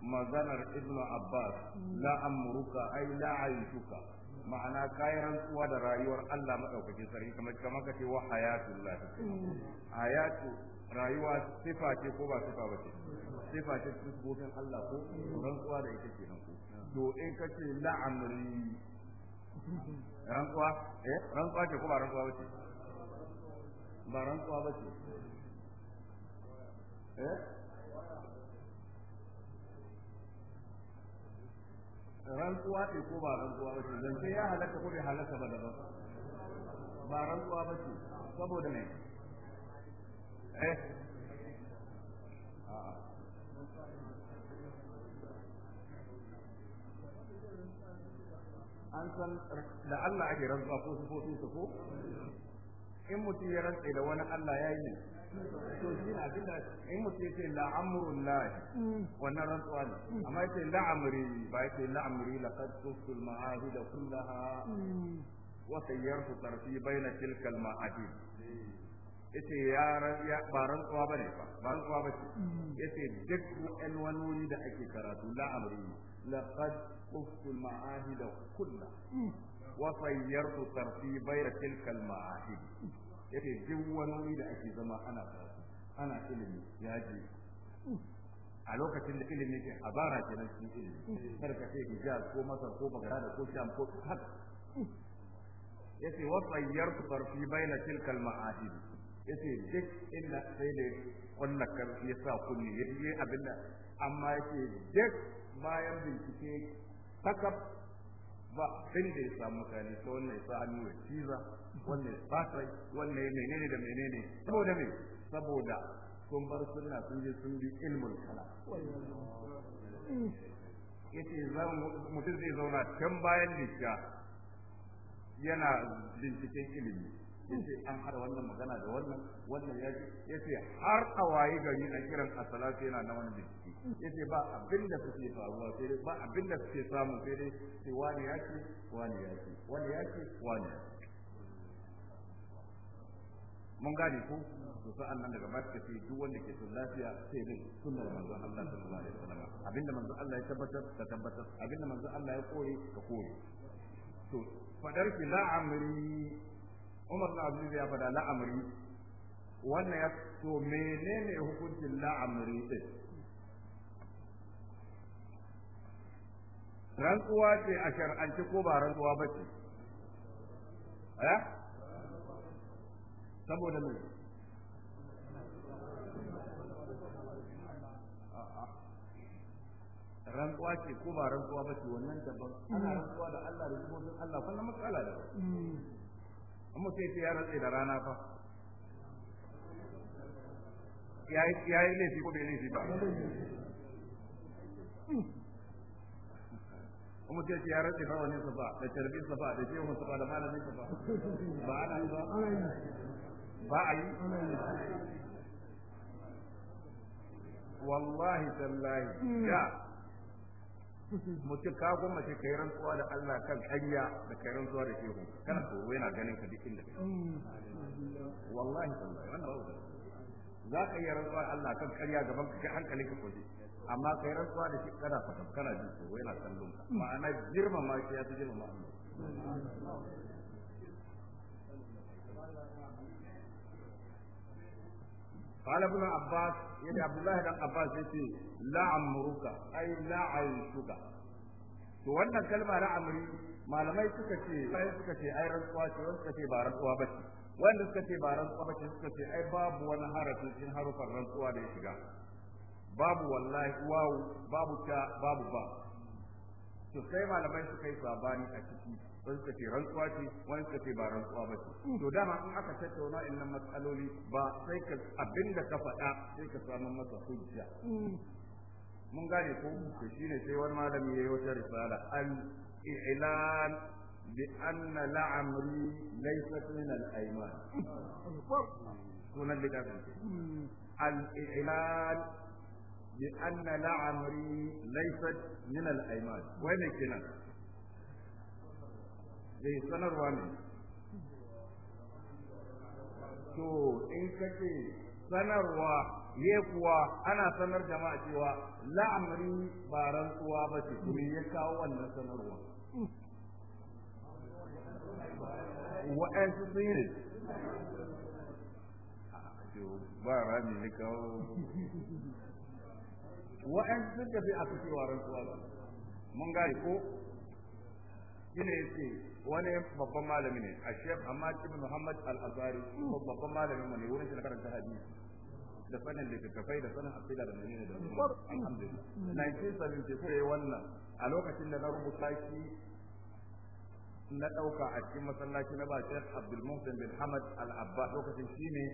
maganar ibn abbas mm. la amruka ai la aishuka ma'ana kayan rantsuwa da rayuwar Allah madaukakin sarki kamar kamar kace wa hayatullah mm. hayatu rayuwa sifa ce ko ba sifa ba ce sifa ce cikin Allah ko mm. rantsuwa da ita kenan ko to in kace la amri rantsuwa eh rantsuwa ce ko ba rantsuwa ba ce ba rantsuwa ba ce eh rantsuwa ce ko ba rantsuwa ba ce zance ya halaka ko bai halaka ba daban ba rantsuwa ba ce saboda ne eh an san da Allah ake rantsuwa ko su ko su ko in mutum ya rantsa da wani Allah ya yi to shi na in mutum yace la lahi wannan rantsuwa ne amma ba yace la amri kullaha wa tarfi yace ya ba rantsuwa ba ba rantsuwa yace duk da ake karatu la laqad tuftu al ma'ahid kullaha wa sayyartu tarfi tilka al ma'ahid yake duk wani wuri da ake zama ana karatu ana ilimi ya je a lokacin da ilimi ke ke nan cikin ilimi kar ka ce hijaz ko masar ko da ko sham ko haka yace wa sayyartu farfi baina tilkal ma'ahid yace duk inda sai ne wannan karfi yasa kunni yaje abinda amma yace duk bayan bincike takab ba sai da ya samu mutane to wannan ya sa hannu ya ciza wannan fatai wannan menene da menene saboda me saboda sun bar sunna sun je sun bi ilmul kalam yace mutum zai zauna can bayan lishiya yana binciken ilimi yace an hada wannan magana da wannan wannan ya yace har a waye gari a kiran asalatu yana na wani bincike yace ba abin da suke faruwa sai ba abin da suke samu sai dai wani ya wani ya wani ya wani ya mun gane ko to sa'an nan daga baki ce duk wanda ke son lafiya sai bin sunnar manzo Allah sallallahu alaihi wasallam abinda manzo Allah ya tabbatar ka tabbatar abinda manzo Allah ya koyi ka koyi to fadar ki amri Umar bin Abdul ya fada amri wannan ya to menene hukuncin amri din rantsuwa ce a shar'anci ko ba rantsuwa ba ce eh saboda mai rantsuwa ce ko ba rantsuwa ba ce wannan daban ana mm. rantsuwa da Allah da kuma Allah kullum matsala da mm. amma sai ce ya rantsi da rana fa ya yi laifi ko bai laifi ba kuma sai ya rantsi fa wani safa da tarbi safa da shehu safa da malamin safa ba ana yi ba ba a yi wallahi tallahi ya hmm. mutum ka goma ce kai rantsuwa da Allah kan hanya da kai rantsuwa da shehu kana tsoro yana ganin ka duk inda hmm. wallahi tallahi wannan za ka iya rantsuwa Allah kan karya gaban ka hankalin ka kwaje amma kai rantsuwa da shi kana fata kana ji tsoro yana kallon ka hmm. ma'ana ma shi ya fi girmama Allah قال ابن عباس يا عبد الله بن عباس يقول لا عمرك اي لا عيشك to wannan kalma na amri malamai suka ce sai suka ce ai rantsuwa ce wanda suka ce ba rantsuwa ba ce wanda suka ce ba rantsuwa ba ce suka ce ai babu wani harafi cikin harufan rantsuwa da ya shiga babu wallahi wawu babu ta babu ba to sai malamai suka yi sabani a ciki wani suka ce rantsuwa ce wani suka ce ba rantsuwa ba ce to dama in aka tattauna innan matsaloli ba sai ka abinda ka faɗa sai ka samu masa hujja mun gane ko to shine sai wani malami yayi wata risala al i'lan bi anna la'amri laysat min al ayman sunan littafin al i'lan bi anna la'amri laysat min al ayman wai ne kenan zai sanarwa ne to in kace sanarwa ye kuwa ana sanar jama'a cewa la'amari ba rantsuwa ba ce kuma ya kawo wannan sanarwa wa'ansu sun yi ba rami ne kawo wa'ansu sun tafi a cikin rantsuwa ba mun gane ko ina yace wani babban malami ne a shek amma ibn muhammad al-azari babban malamin mu ne wurin shi na karanta hadisi da sanin littattafai da sanin asila da menene da alhamdulillah 1974 yayi wannan a lokacin da na rubuta shi na dauka a cikin masallaci na ba Sheikh Abdul Muhsin bin Hamad Al Abba lokacin shine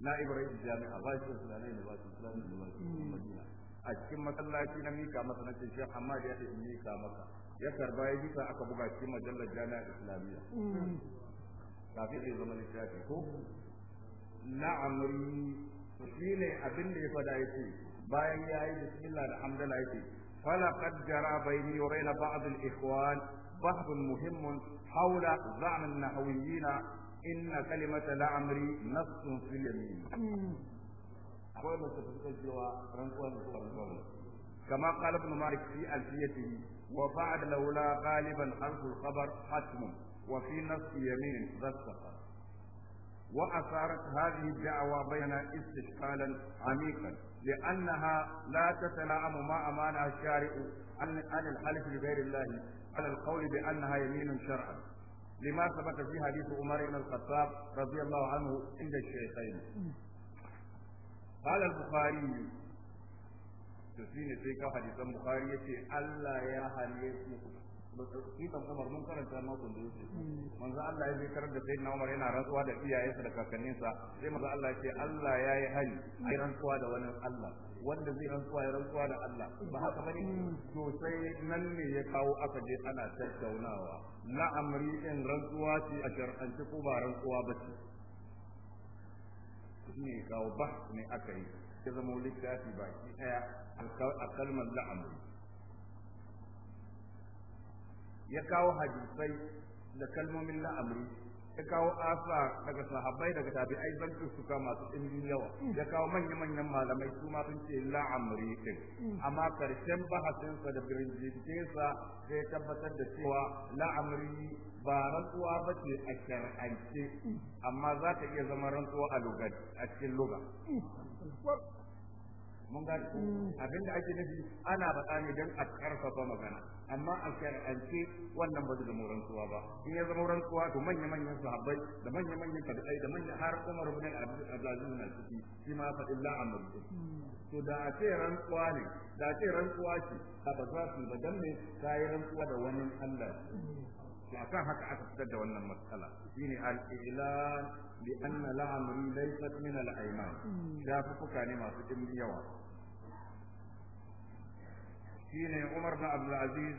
na Ibrahim Jami'a ba shi sunan da ba shi sunan da ba shi a cikin masallaci na mika masa na ce Sheikh Hamad ya ce mika masa ya karba ya jisa aka buga cikin majalar jana islamiyya tafi zai zama shafi ko na'amri shi ne abin da ya fada ya ce bayan ya yi bismillah da hamdala ya ce fala qad jara bayni wa bayna ba'd al ikhwan bahd muhim hawla za'm an nahawiyina ina kalimata na la'amri nasun fil yamin akwai mutum da cewa ran kuwa ne kuma kama qala ibn malik fi alfiyatihi وبعد لولا غالبا حرف الخبر حتم وفي نصف يمين رسخ وأثارت هذه الدعوة بيننا استشكالا عميقا لأنها لا تتلائم ما أمانها الشارع عن الحلف لغير الله على القول بأنها يمين شرعا لما ثبت في حديث عمر بن الخطاب رضي الله عنه عند الشيخين قال البخاري to shi ne sai ka hadisan bukari ya ce Allah ya haliye shi kan Umar mun karanta na kun da yake manzo Allah ya zikar da sai na Umar yana rantsuwa da iyayensa da kakanninsa sai manzo Allah ce Allah ya yi hali ai rantsuwa da wani Allah wanda zai rantsuwa ya rantsuwa da Allah ba haka bane to sai nan ne ya kawo aka je ana tattaunawa Na amri in rantsuwa ce a shar'anci ko ba rantsuwa ba ce ne kawo ba ne aka yi ya zama littafi baki daya a kalmar la'amu ya kawo hadisai da kalmomin la'amri ya kawo asa daga sahabbai daga tabi'ai zancin su ka masu ɗimbin yawa ya kawo manya-manyan malamai su ma sun ce la'amri din amma karshen bahasinsa da birinjinsa sai tabbatar da cewa la'amri ba rantsuwa ba ce a shar'ance amma za ta iya zama rantsuwa a cikin luga mun gane ko mm. abinda ake nufi ana faɗa ne don a karfafa magana amma a shar'ance wannan ba zai zama rantsuwa ba in ya zama rantsuwa to manya manyan sahabbai da manya manyan tabi'ai da manya har Umar ibn Abdulaziz na ciki shi ma fa illa mm. to da a ce rantsuwa ne da a ce rantsuwa ce ba za su ba dan ta yi rantsuwa da wani Allah mm. akan haka aka fitar da wannan matsala shine al-ilan bi masu dimbi yawa shine Umar bin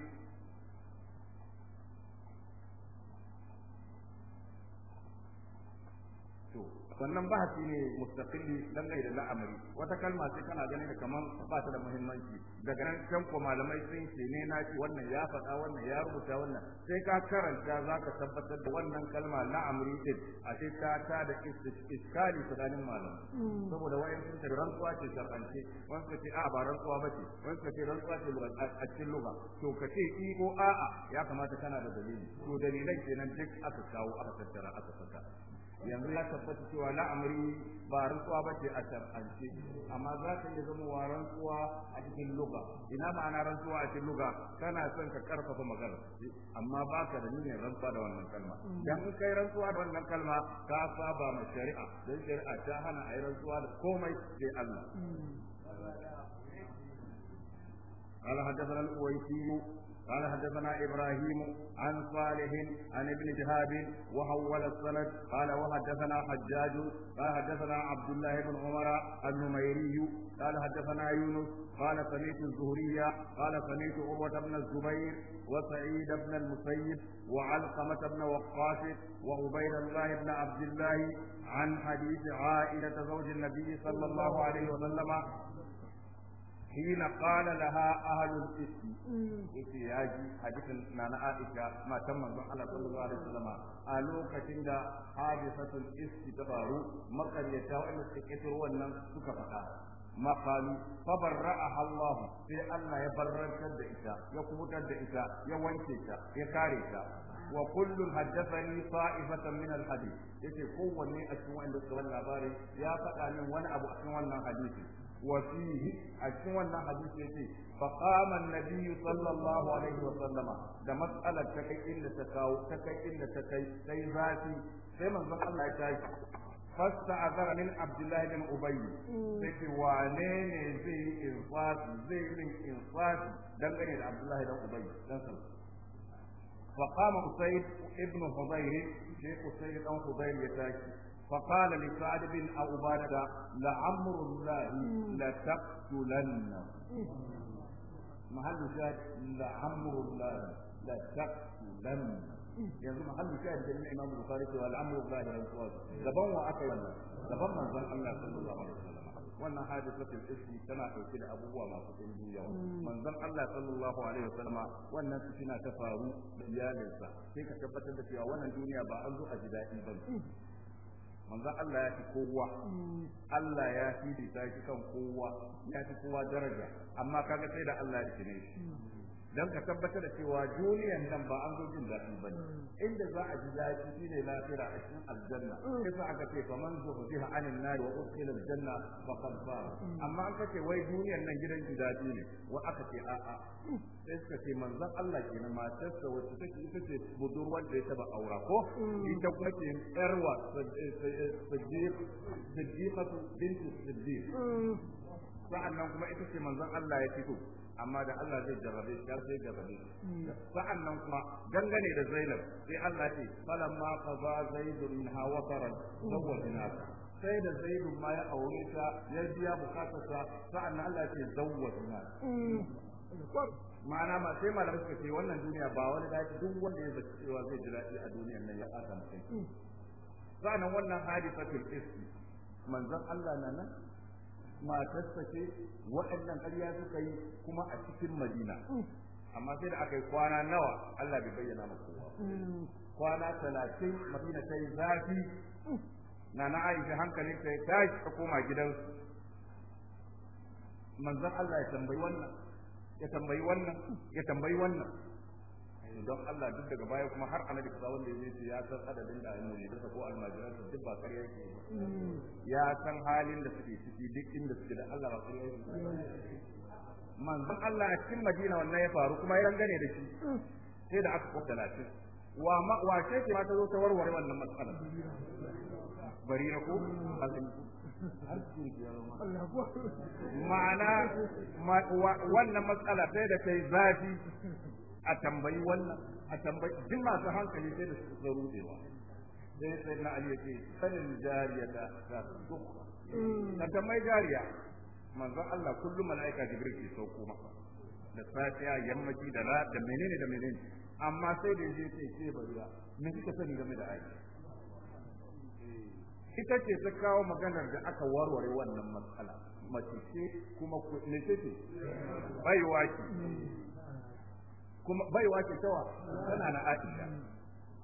to wannan bahasi ne mustaqilli dan kai da la'amari wata kalma sai kana ganin da kaman ba ta da muhimmanci daga nan can ko malamai sun ce ne na ce wannan ya faɗa wannan ya rubuta wannan sai ka karanta zaka tabbatar da wannan kalma la'amari din a sai ta ta da iskali tsakanin malamai hmm. saboda wayan sun ce rantsuwa ce shar'ance wani suka ce a ba rantsuwa ba ce wani ce rantsuwa ce a cikin lugha to ka ce i ko a'a ya kamata kana da dalili to dalilan kenan duk aka kawo aka tattara aka saka yanzu ya tabbata cewa la'amari ba rantsuwa ba ce a shar'ance amma za ka iya zama wa rantsuwa a cikin luga ina ma'ana rantsuwa a cikin luga kana son ka karfafa magana amma ba ka da niyyar rantsuwa da wannan kalma dan in kai rantsuwa da wannan kalma ka saba ma shari'a Don shari'a ta hana a yi rantsuwa da komai sai Allah hmm. قال حدثنا الأويسي قال حدثنا ابراهيم عن صالح عن ابن شهاب وحول السند قال وحدثنا حجاج قال حدثنا عبد الله بن عمر النميري قال حدثنا يونس قال سمعت الزهري قال سمعت عروة بن الزبير وسعيد بن المسيب وعلقمة بن وقاص وعبيد الله بن عبد الله عن حديث عائلة زوج النبي صلى الله عليه وسلم حين قال لها أهل الإثم يتي ياجي حديث نانا عائشة ما تم من الله صلى الله عليه وسلم ألوك كتند حادثة الإسم تبارو مقر يتاو إلا سكتر ونن سكفتا ما قال فبرأها الله في أن يبرر كد إتا يقبط كد إتا يوانك إتا يكاري إتا وكل حدثني طائفة من الحديث يتي قوة من أسوأ إن السوال العباري يا فتاني وانا أبو أسوأ الحديث وفيه أشوى الحديث يتي فقام النبي صلى الله عليه وسلم ده مسألة تكي إلا تكاو تكي إلا تكي تكي ذاتي سيما الله يتاكي فاستعذر من عبد الله بن أبي سيتي وانين زي إنصاف زي من إنصاف دنقني عبد الله بن أبي دنسل فقام أسيد ابن حضير شيخ أسيد أو حضير يتاكي فقال لسعد بن عبادة لعمر الله لتقتلنه محل شاهد لعمر الله لتقتلنه yanzu mahallin shahid da Imam Bukhari cewa al'amru ba da rantsuwa gaban wa aka wannan gaban manzon Allah sallallahu alaihi wasallam wannan hadisatul ismi tana dauke da abubuwa masu dimbin yawa manzon Allah sallallahu alaihi wasallam wannan fitina ta faru da iyalinsa sai ka tabbatar da cewa wannan duniya ba an zo a ji ba manzon Allah ya fi kowa Allah ya fi da kan kowa ya fi kowa daraja amma kaga sai da Allah ya kine shi dan ka tabbatar da cewa duniyan nan ba an zo jin daɗi ba ne inda za a ji daɗi shi ne lafira a cikin aljanna yasa aka ce fa man zuhziha anin nar wa udkhila aljanna faqad fara amma an kace wai duniyan nan gidan ji daɗi ne wa aka ce a a sai suka ce manzon Allah kenan matar sa wacce take ita ce budurwar da ya taba aura ko ita kuma ke yar wa siddiq siddiqatu bint siddiq sa'annan kuma ita ce manzon Allah ya fito amma da Allah zai jarrabe shi sai jarrabe hmm. sa'an nan kuma dangane da Zainab sai Allah ce ma qaza zaidun minha wasaran zawwajnaka sai da zaidun ma ya aure ta ya biya bukatarsa sa'an nan Allah ce zawwajnaka hmm. ma'ana ma sai malam suka ce wannan duniya ba wani dace duk wanda ya zaci cewa zai ji daɗi a duniyar nan ya fata mutum hmm. sa'an wannan hadisatul isti manzon Allah na nan matarsa ce waɗannan ƙarya suka yi kuma a cikin madina amma sai da aka yi kwana nawa Allah bai bayyana masu kowa kwana talatin madina ta yi zafi na na aisha hankalin ta ya tashi ta koma gidansu manzon Allah ya tambayi ya tambayi wannan ya tambayi wannan don Allah duk daga baya kuma har annabi kaza wanda yaje ya san adadin da ayyuka ne duka ko almajiran su duk ba ƙarya yake hmm. ya san halin da suke ciki duk inda suke da Allah ba ƙarya yake manzon Allah a cikin Madina wannan ya faru kuma ya rangane da shi sai da aka kwata lafiya wa ma wa ce ke ma ta zo ta warware wannan matsalar bari na ko ma'ana wannan matsala sai da kai zafi a tambayi wannan a tambayi duk masu hankali sai da su rudewa sai sai na ali ce sanin jariya da ta dukka mm. tambayi jariya manzon Allah kullum malaika jibril ke sauko maka da safiya yammaci da ra da menene da menene amma sai da je ce ce bariya me kika sani game da aiki eh, ita ce ta kawo maganar da aka warware wannan matsala mace ce kuma ne ce ce baiwa mm. kuma bai wace tawa tana na Aisha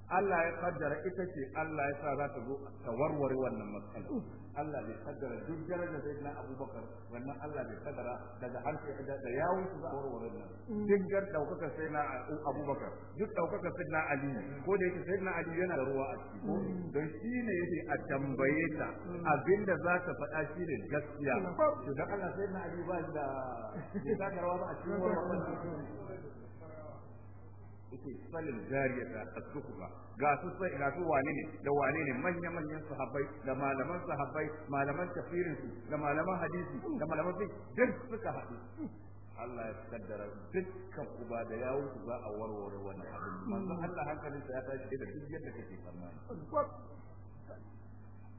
Allah ya kaddara ita ce Allah ya sa za ta zo ta warware wannan matsala Allah bai kaddara duk darajar da na Abubakar wannan Allah bai kaddara daga harshe da yawun su za a warware nan duk gar daukaka sai na Abubakar duk daukaka sai na Ali ko da yake sai na Ali yana da ruwa a ciki ko don shi ne yake a tambaye ta abinda za ta faɗa shi ne gaskiya to dan Allah sai na Ali ba da ya taka rawa ba a cikin wannan yace salil jariyata as-sukhra ga su sai ga su wane ne da wane ne manyan manyan sahabbai da malaman sahabbai malaman tafsirin su da malaman hadisi da malaman fiqh duk suka haɗu Allah ya kaddara dukkan uba da yawon su za a warware wani abu manzo Allah hankalin sa ya tashi da duk yadda kake tsammani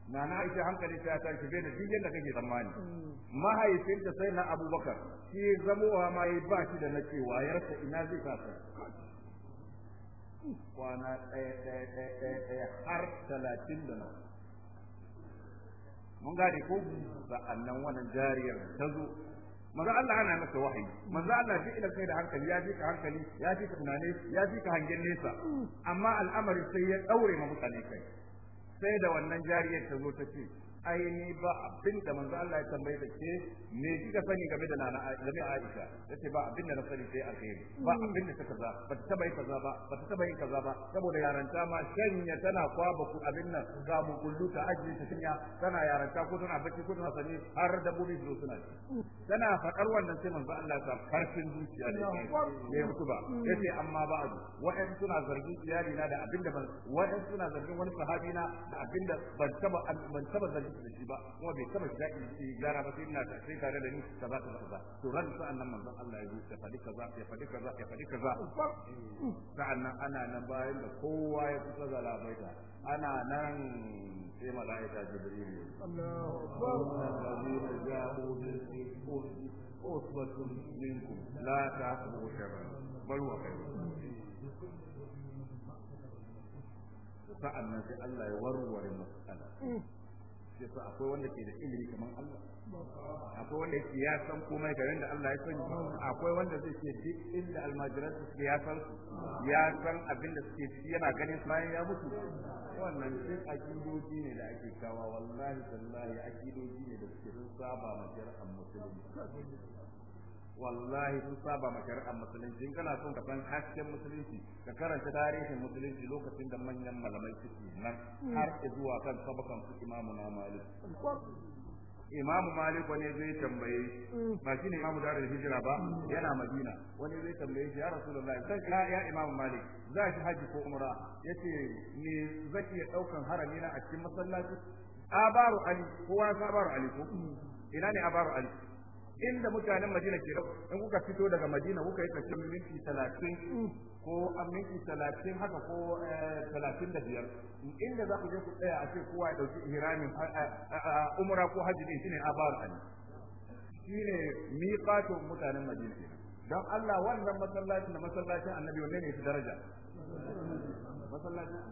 na na ita hankali ta ta shige da duk yadda kake tsammani mahaifinta sai na abubakar shi zamowa mai ya ba shi da na cewa ya ina zai fasa kwana ɗaya ɗaya ɗaya ɗaya ɗaya har talatin da nan mun gane ko nan wannan jariyar ta zo maza Allah ana masa wahayi maza Allah ji ila kai da hankali ya fi ka hankali ya fika ka tunane ya fi ka hangen nesa amma al'amari sai ya daure ma mutane kai sai da wannan jariyar ta zo ta ce aini ba abin da manzo Allah ya tambaye ta ce me kika sani game da nana game Aisha yace ba abin da na sani sai alheri ba hmm. abin da kaza ba ta taba kaza ba ba ta taba kaza ba saboda yaranta ma shanya tana kwaba ku abin nan ga mu kullu ta ajiye ta shanya tana yaranta ko tana bacci ko tana sani har da bobi zo suna tana fadar wannan sai manzo Allah ya farkin zuciya da ya mutu ba hmm. yace amma ba azu wa'an suna zargin iyali na da abin da ban suna zargin wani sahabi na da abin da ban taba ban taba zargin kusa da shi ba kuma bai taba shiga in gara ba sai ina ta sai tare da ni ta ba ta ba to ran sa annan manzon Allah ya yi ta fadi kaza ya fadi kaza ya fadi kaza sa'an nan ana nan bayan da kowa ya kusa da labaita ana nan sai malaika jibril Allahu akbar minkum la ta'budu sharra bal wa khayr sa'an nan sai Allah ya warware mas'ala yasa akwai wanda ke da ilimi kamar Allah akwai wanda ke ya san komai ga da Allah ya sani akwai wanda zai ce duk inda almajiran su ya san ya san abin da suke ci yana ganin bayan ya mutu wannan duk akidoji ne da ake kawa wallahi sallahi akidoji ne da suke sun saba ma musulmi wallahi sun saba ma shari'ar musulunci in kana son ka san hasken musulunci ka karanta tarihin musulunci lokacin da manyan malamai suke nan hmm. har zuwa kan sabakan su imamu na malik imamu malik wani zai tambaye hmm. ba shi ne imamu darar hijira ba hmm. yana madina wani zai tambaye shi ya rasulullahi zan ya ya imamu malik za shi haji ko umra yace me zaki ya daukan harami na a cikin masallaci abaru ali kowa sabaru abaru ali ko ina ne abaru ali inda mutanen Madina ke in kuka fito daga Madina kuka yi tafiya minti talatin ko a minti talatin haka ko eh, talatin da biyar, inda za ku je ku tsaya a ce kowa ya dauki ihramin umra ko hajji ne shine abar shi ne miƙato mutanen Madina don Allah wannan masallacin da masallacin Annabi wanne ne fi daraja masallacin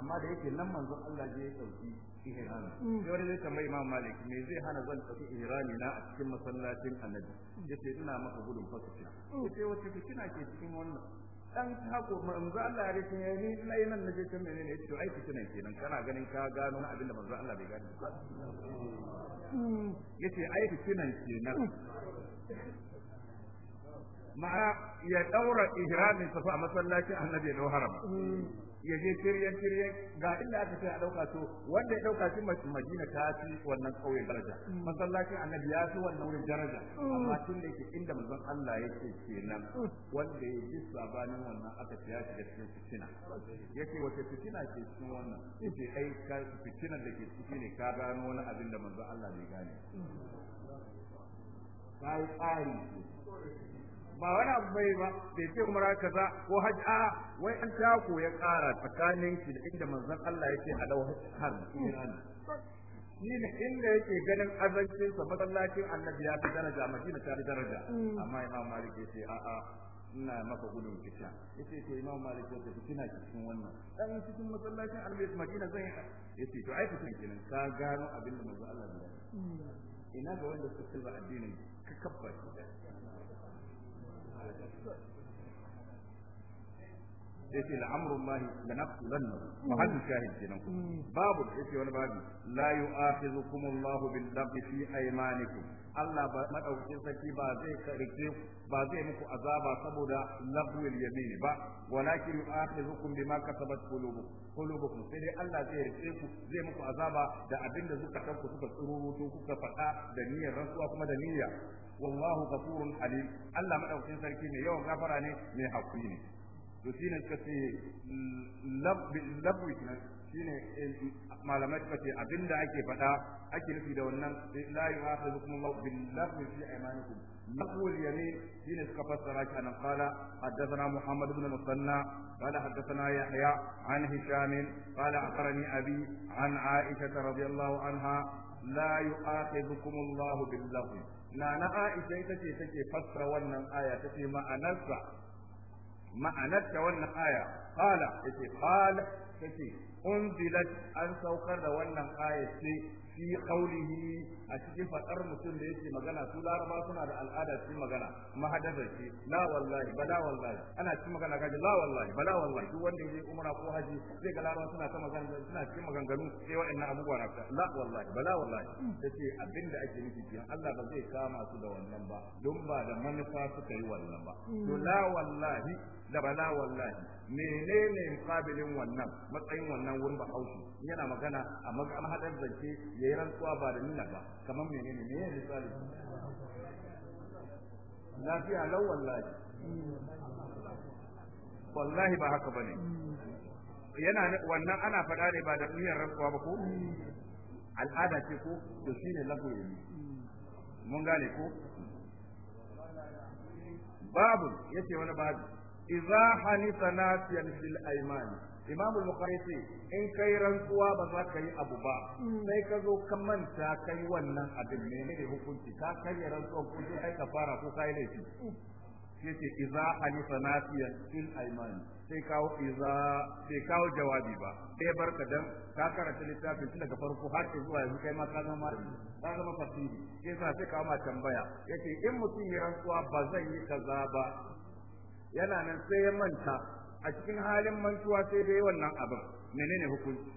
amma da yake nan manzon Allah je ya dauki ihrami mm. sai wani zai tambayi imam malik me zai hana zan tafi ihrami na a cikin masallacin annabi mm. yace ina maka gudun fasikin mm. yace wace fitina ke cikin wannan dan hako manzo Allah ya rike ni ina yin nan naje kan menene to ai fitina kenan kana ganin ka gano abin da manzo Allah bai gani ba yace ai fitinan kenan ma'ana ya daura ihramin sa a masallacin annabi da haram. Mm. ya je kiryan kiryan ga inda aka ce a dauka to wanda ya dauka shi Madina ta fi wannan kauye daraja mm. masallacin annabi ya fi wannan wurin daraja mm. amma tun da yake inda manzon Allah yake kenan wanda ya ji sabanin wannan aka ce ya shiga cikin fitina yake wace fitina ke cikin wannan yake ai ka fitina da ke ciki ne ka gano wani abin da manzon Allah bai gane kai tsari ba wani abu bai ba bai ce umara kaza ko hajji a wai an tako ya kara tsakanin shi da inda manzon Allah yake halau har shi ne inda yake ganin sa masallacin annabi ya fi daraja madina ta fi daraja mm. amma imam malik ya ce a'a ina maka gudun fitina yace to imam malik ya ce kina cikin wannan dan cikin masallacin annabi madina zai yace to ai fitina kenan ka gano abin da manzon Allah ya mm. ina ga wanda suka tilba addinin ka kabbar shi yace la'amrullahi la wa mahallu shahid kenan babu yace wani babu la Allahu bil lagwi fi aymanikum Allah ba madaukin sarki ba zai karike ku ba zai muku azaba saboda lagwil yamin ba walakin yu'akhidhukum bima kasabat qulubukum qulubukum sai dai Allah zai rike ku zai muku azaba da abinda zuka ku suka to kuka faɗa da niyyar rasuwa kuma da niyya wallahu ghafurun halim Allah madaukakin sarki ne yawan gafara ne mai hakuri ne to shine suka ce labbi shine eh, malamai suka ce abinda ake faɗa ake nufi da wannan la yu'akhidhukum Allah bil lagwi fi aymanikum naqul yamin shine suka fassara shi anan qala haddathana Muhammad ibn Musanna qala haddathana Yahya an Hisham qala akhbarani abi an Aisha radiyallahu anha لا يؤاخذكم الله bil lahwi na na Aisha ita ce take fassara wannan aya take ma'anarsa ma'anarta wannan aya qala yace qala tace unzilat an saukar da wannan aya sai. fi qawlihi a cikin fadar mutum da yake magana su laraba suna da al'ada cikin magana mahadaba ce la wallahi bala wallahi ana cikin magana kaji la wallahi bala wallahi duk wanda yake umra ko haji zai ga laraba suna ta magana suna cikin maganganu sai wa'annan abubuwa na ta la wallahi bala wallahi yace abinda ake nufi kenan Allah ba zai kama su da wannan ba don ba da manufa suka yi wannan ba to la wallahi da bala wallahi menene mukabilin wannan matsayin wannan wurin ba haushi yana magana a mahadar zance yayi rantsuwa ba da nuna ba kamar menene ne yayi misali lafiya lau wallahi wallahi ba haka bane yana wannan ana faɗa ne ba da duniyar rantsuwa ba ko al'ada ce ko to shine lafu ne mun gane ko babu yace wani babu idza hanifa nafiyan fil aymani imamu bukhari ce in kai rantsuwa ba za ka yi abu ba mm. sai ka zo ka manta kai wannan abin menene hukunci ka karya rantsuwa ko sai ka fara ko kai laifi ce iza alifa nafiyan fil aiman sai kawo iza sai kawo jawabi ba sai barka dan ka karanta littafin tun daga farko har zuwa yanzu kai ma ka zama ka zama fasiri sai sai kawo ma tambaya Yake in mutum ya rantsuwa ba zan yi kaza ba yana nan sai ya manta a cikin halin mantuwa sai dai wannan abin menene hukunci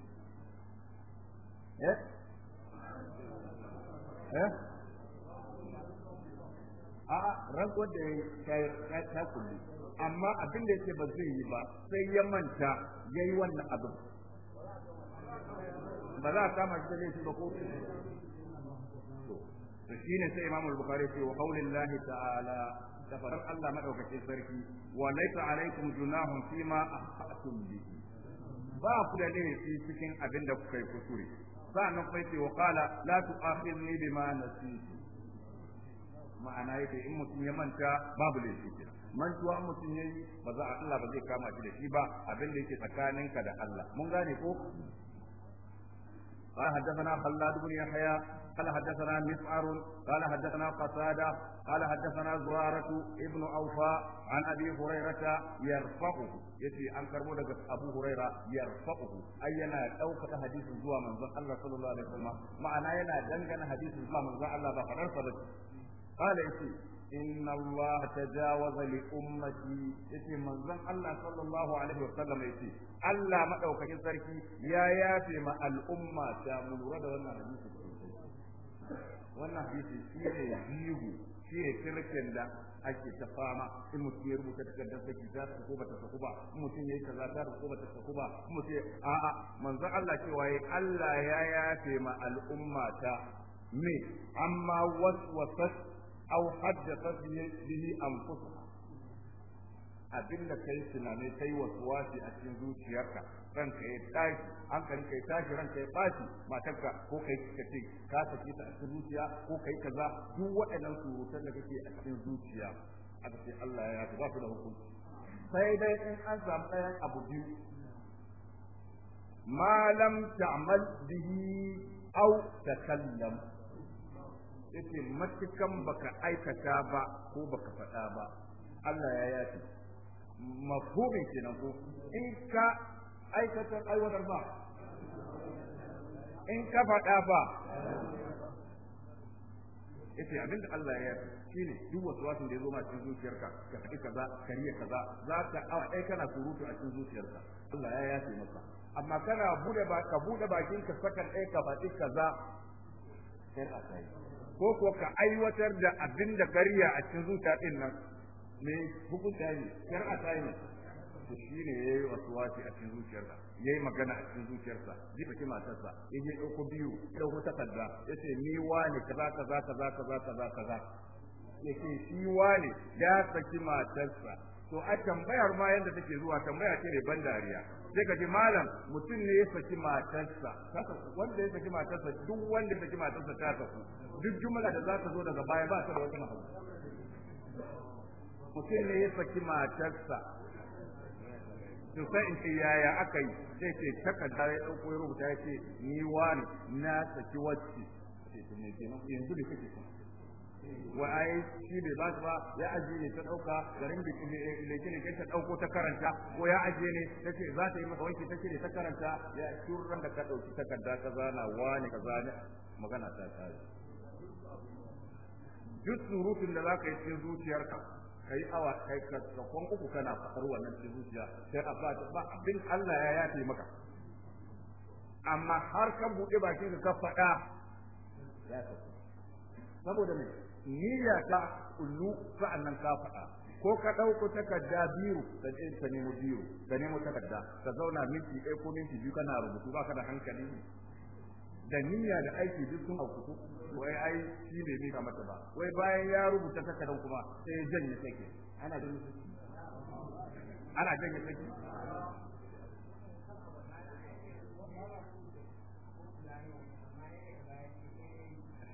eh eh a rantsuwar da ya ta kulli amma abin da yake ba zai yi ba sai ya manta ya yi wannan abin ba za a kama shi da laifi ba ko to shine sai imamul bukhari ce wa qaulillahi ta'ala da farar Allah madaukakin sarki wa laysa alaikum junahun fima akhatum bi ba ku da laifi cikin abin da kuka yi kusuri sa'an kai ce wa qala la tu'akhidni bima nasitu ma'ana yake in mutum ya manta babu laifi kenan mantuwa mutum yayi ba za a Allah ba zai kama shi da shi ba abin da yake tsakaninka da Allah mun gane ko قال حدثنا خلاد بن يحيى قال حدثنا مسعر قال حدثنا قتادة قال حدثنا زرارة ابن أوفاء عن أبي هريرة يرفعه يتي أن كربو أبو هريرة يرفعه أي ينا أوكا حديث زوا من الله صلى الله عليه وسلم معناه ينا دنجن حديث زوا من الله بفرر قال يتي inna Allah tajawaza li ummati yace manzon Allah sallallahu alaihi wasallam yace Allah madaukakin sarki ya yafe ma al'umma ta mu lura da wannan wannan hadisi shi ne jihu shi ne sirkin da ake ta fama in mutum ya rubuta takardar saki za ta ko bata saku ba in mutum yayi kaza ta ko bata saku ba in mutum a'a manzon Allah Allah ya yafe ma al'ummata. me amma waswasat aw haddathat bihi anfusuha abinda kai tunani kai waswasi a cikin zuciyarka ranka ya tashi hankali kai tashi ranka ya baci matarka ko kai ka ce ka saki ta a cikin zuciya ko kai kaza duk waɗannan surutan da kake a cikin zuciya aka ce Allah ya ba su da hukunci sai dai in an samu ɗayan abu biyu ma lam ta'mal bihi aw takallam yace matukan baka aikata ba ko baka faɗa ba Allah ya yafi mafhumin kenan ko in ka aikata aiwatar ba in ka faɗa ba yace abin da Allah ya yi shine duk wasu wasu da ya zo ma cikin zuciyarka ka faɗi kaza ka kaza za ka awa ɗaya kana surutu a cikin zuciyarka Allah ya yafe maka amma kana bude ba ka bude bakin ka saka ɗaya ka faɗi kaza sai a ko ko ka aiwatar da abin da kariya a cikin zuciya din nan me hukunta ne a ta ne to shine yayi wasi a cikin zuciyarsa yayi magana a cikin zuciyarsa zai faki matarsa ya je dauko biyu dauko takarda yace ni wani kaza kaza kaza kaza kaza kaza yace shi wani ya saki matarsa to a tambayar ma yanda take zuwa tambaya ce ne ban dariya sai ka ji malam mutum ne ya saki matarsa wanda ya saki matarsa duk wanda ya saki matarsa ta saku duk jumla da za ta zo daga baya ba ta da wata mahauta mutum ne ya saki matarsa to sai in ce yaya aka yi sai ce takarda ya ɗauko ya rubuta ya ce ni wani na saki wacce yanzu da kake kuma wa ai shi bai ba ba ya aje ne ta dauka garin da leke leke ta dauko ta karanta ko ya aje ne tace za ta yi maka wanki take ne ta karanta ya shurran da ka dauki takarda ka zana wani ka zana magana ta tsari duk surutun da zaka yi cikin zuciyarka kai awa kai ka kwan uku kana fadar wannan cikin zuciya sai a ba ba abin Allah ya yafe maka amma har ka bude bakin ka faɗa ya saboda me niyya ta kullu sa'annan ka faɗa ko ka ɗauko takarda biyu da ɗin ka nemo biyu ka nemo takarda ka zauna minti ɗaya ko minti biyu kana rubutu ba ka da hankali da niyya da aiki duk sun auku wai ai shi ne mika mata ba wai bayan ya rubuta takardar kuma sai ya janye sake ana janye sake ana janye sake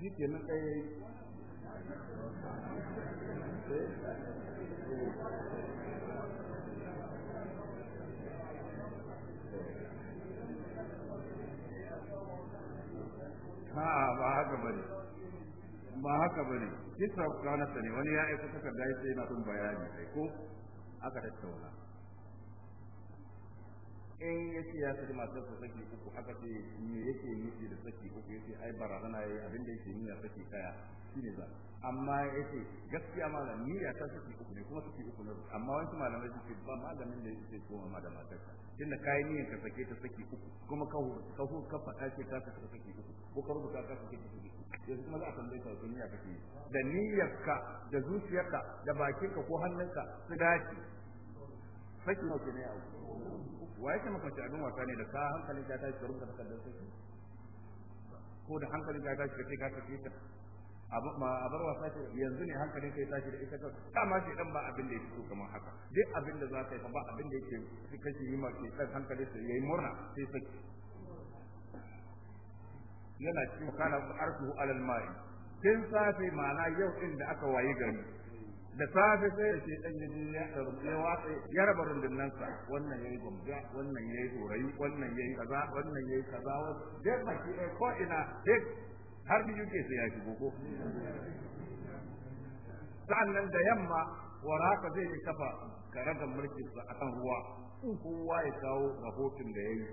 shi ke nan ɗaya ha ba haka bane ba haka bane kisa ranarsa ne wani ya aika takarda ya sai na son bayani sai ko aka tattauna in eh, ya ce ya saki matar sa saki uku aka ce me yake nufi da saki uku yace ai barazana yayi abin yake nuna saki kaya shine za amma yace gaskiya malam niyya ta suke uku ne kuma suke uku ne amma wasu malamai suke ba malamin da yake koma ma da matarka tunda kai niyyar ka sake ta sake uku kuma ka ka hu ka faɗa ce ka sake uku ko ka rubuta ka sake sake uku yanzu kuma za a tambaye ka wace niyya kake yi da niyyarka da zuciyarka da bakinka ko hannunka su dace sake nawa ne a uku wa yake maka abin wasa ne da ka hankalin ta tashi ka rubuta takardar sake ko da hankalin ta tashi ka ce ka sake ta a bar yanzu ne hankalin kai tashi da ita kan shi ba abin da yake so kamar haka duk abin da yi ba abin da yake yi ma ke kan sa yayi murna sai yana cikin kana arsuhu alal ma'i safi ma'ana yau din da aka wayi gari da safe sai da ke dan yaji ya ya watsa ya sa, wannan yayi gumja wannan yayi horayi wannan yayi kaza wannan yayi kaza wannan dai baki ko ina har da ke sai ya shigo ko sa'annan da yamma waraka zai yi kafa karagar mulkin sa akan ruwa kowa ya kawo rahoton da yayi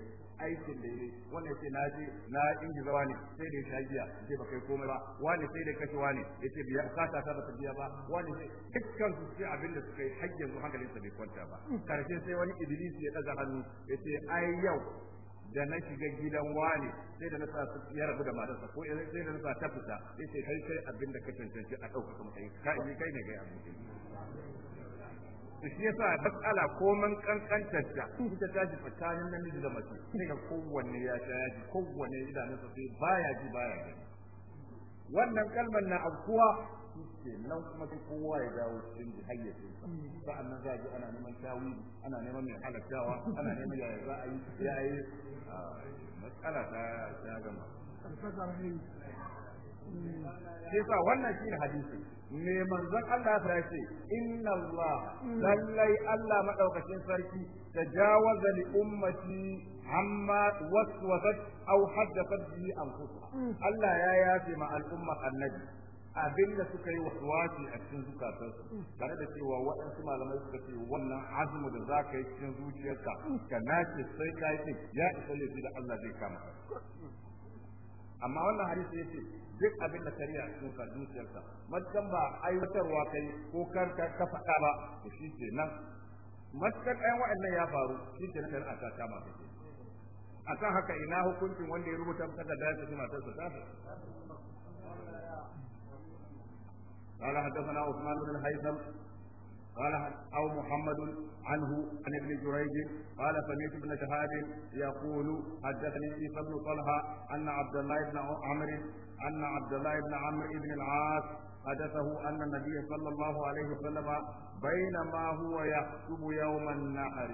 aikin da yayi wannan sai na je na ingiza wani sai da ya giya sai ba kai komai ba wani sai da kashi wani yace biya ka ta ba ta biya ba wani sai dukkan su sai abin da suka yi har hankalin sa bai kwanta ba karshe sai wani iblis ya daga hannu yace ai yau da na shiga gidan wani sai da na sa su ya rabu da matarsa ko sai da na sa ta fita sai sai kai sai abin da ka cancanci a ɗauka kuma kai yi kai ne ga abin da shi yasa matsala koman kankantarta ta tashi tsakanin namiji da mace sai ga kowanne ya sha ji kowanne idanunsa sai baya ji baya gani wannan kalmar na afkuwa ce nan kuma sai kowa ya dawo cikin hayyacinsa sa'an nan za a ji ana neman tawili ana neman mai halattawa ana neman yaya za a yi ya yi matsala ta ya gama sai sa wannan shi hadisi ne manzon Allah ta ce inna Allah lallai Allah madaukakin sarki jawaza li ummati amma waswasat aw haddathat bi anfusuha mm. Allah ya yafe ma al'umma annabi abin da suka yi waswasi a cikin zukatansu tare da cewa waɗansu malamai suka ce wannan azumi da za ka yi cikin zuciyarka ka nace sai ka yi ya isa laifi da Allah zai kama amma wannan hadisi yace duk abin da kariya a cikin zuciyarka matsan ba aiwatarwa kai ko kar ka faɗa ba to shi ke nan matukan ɗayan waɗannan ya faru shi ke nan a ta kama ka akan haka ina hukuncin wanda ya rubuta maka da dace tafi matarsa ta قال حدثنا عثمان بن الهيثم قال أو محمد عنه عن ابن جريج قال سمعت ابن شهاب يقول حدثني عيسى بن طلحة أن عبد الله بن عمرو أن عبد الله بن عمرو بن العاص حدثه أن النبي صلى الله عليه وسلم بينما هو يخطب يوم النحر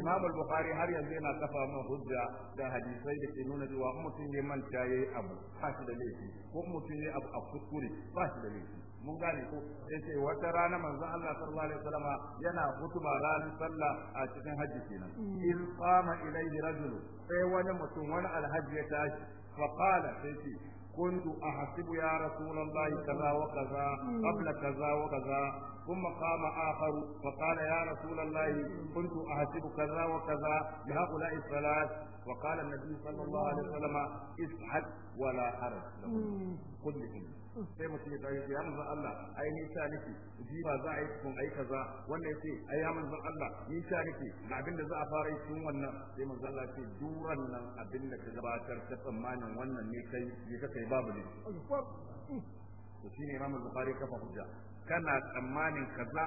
إمام البخاري هل يزينا كفى من حجة ده حديثي لكي نونا جوا أمتين من شاية أبو حاشد ليسي أمتين أبو أفكوري حاشد ليسي mun gane ko yace wata rana manzo Allah sallallahu alaihi wasallam yana hutuba ranar sallah a cikin hajji kenan in qama ilayhi rajul sai wani mutum wani alhaji ya tashi fa qala sai ce كنت أحسب يا رسول الله كذا وكذا قبل كذا وكذا ثم قام آخر فقال يا رسول الله كنت أحسب كذا وكذا بهؤلاء الثلاث وقال النبي صلى الله عليه وسلم اصحك ولا حرج لهم كلهم sai mutum ya tashi ya manzon Allah ai ni sa nake ba za a yi kun ai kaza wannan yace ai ya manzon Allah ni sa nake ga abin da za a fara yi tun wannan sai manzon Allah ce duran nan abin da ka gabatar ta tsammanin wannan ne kai ka kai babu ne to shine Imam Bukhari kafa hujja kana tsammanin kaza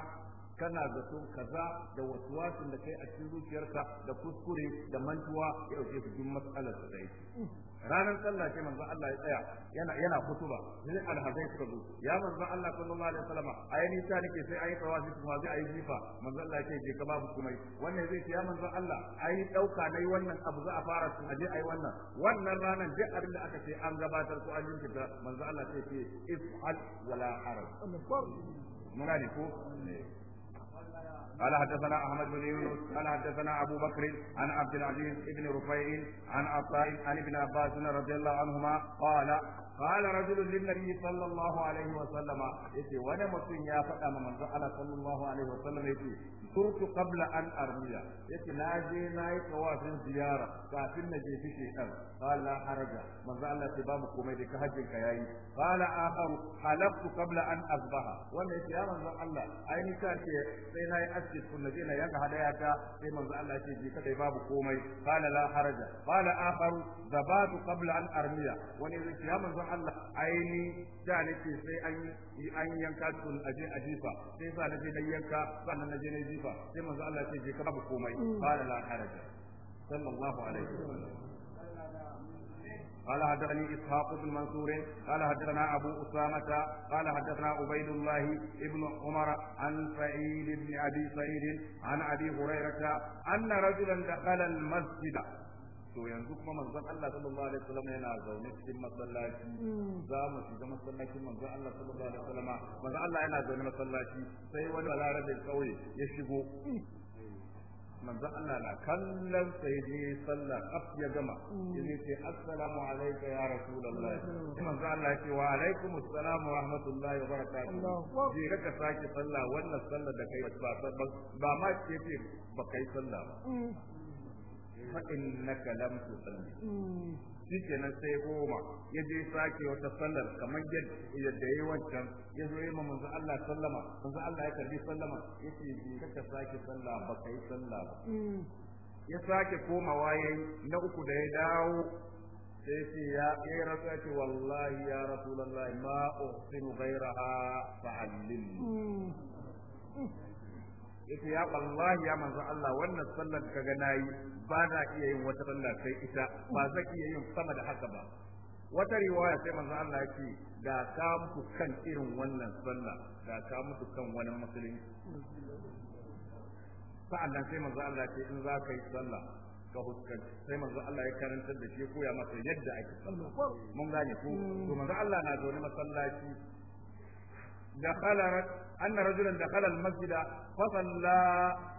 kana zaton kaza da wasuwasin da kai a cikin zuciyarka da kuskure da mantuwa ya dauke su duk mas'alar da yake ranar sallah ce manzo Allah ya tsaya yana yana kutuba ne alhazai suka zo ya manzo Allah sallallahu alaihi wasallam ayi ta nake sai ayi tawafi kuma zai ayi jifa manzo Allah yake je ka babu kuma wannan zai ce ya manzo Allah ai dauka nayi wannan abu za a fara su aje yi wannan wannan ranar duk abin da aka ce an gabatar ko an jinkirta manzo Allah yake ce al wala haraj muna ne ko قال حدثنا احمد بن يونس قال حدثنا ابو بكر عن عبد العزيز بن رفيع عن عطاء عن ابن عباس رضي الله عنهما قال قال رجل للنبي صلى الله عليه وسلم يتي وانا متين يا فدا من الله صلى الله عليه وسلم يتي كنت قبل ان ارمي يتي ناجي ناي طوافين زياره كافين نجي في شيطان قال لا حرج من الله تباب كومي دي كهجن كياي قال اخر حلفت قبل ان اصبح وانا يتي يا من الله اين كان sai na yi aski kun nabi na yanka hadaya ta sai manzo Allah ya ce ji kadai babu komai kana la haraja qala akharu zabatu qabla an armiya wani zai ya manzo Allah aini da nake sai an an yanka tun aje ajifa sai sa naje dan yanka sannan naje ne jifa sai manzo Allah ya ce ji ka babu komai mm. qala la haraja sallallahu alaihi wasallam قال حدثني اسحاق بن منصور قال حدثنا ابو اسامه قال حدثنا عبيد الله بن عمر عن سعيد بن ابي سعيد عن ابي هريره ان رجلا دخل المسجد to yanzu kuma manzon Allah sallallahu alaihi wasallam yana zaune cikin masallaci za mu shiga masallacin manzon Allah sallallahu alaihi wasallam manzon Allah yana zaune masallaci sai wani balarabe kauye ya shigo manzo Allah na kallon sai je sallah kaf ya gama mm. yace ce assalamu alayka ya rasulullah manzo Allah ce wa alaikum assalam wa rahmatullahi wa barakatuh je ka sake sallah wannan sallah da kai ba ma ce ce ba kai sallah ba mm. fa innaka lam tusalli mm. kenan sai goma ya je sake wata sallar kamar yadda ya yi wancan ya zo yi manzo Allah sallama Manzu Allah ya karbi sallama ya ce je ka sake sallah ba kai sallah ba mm. ya sake komawa waye na uku da ya dawo sai ce ya ya rasa ce wallahi ya rasu rasulullahi ma'o sinu gairaha fa'allin mm. yace ya wallahi ya manzo Allah wannan sallar kaga nayi ba za iya yin wata sallar sai ita ba zan iya yin sama da haka ba wata riwaya sai manzo Allah yake da ka mutu kan irin wannan sallah da ka mutu kan wani musulmi sa'annan sai manzo Allah ce in za ka yi sallah ka huskanci sai manzo Allah ya karantar da shi koya masa yadda ake sallah mun gane ko to manzo Allah na ne masallaci دخل أن رجلا دخل المسجد فصلى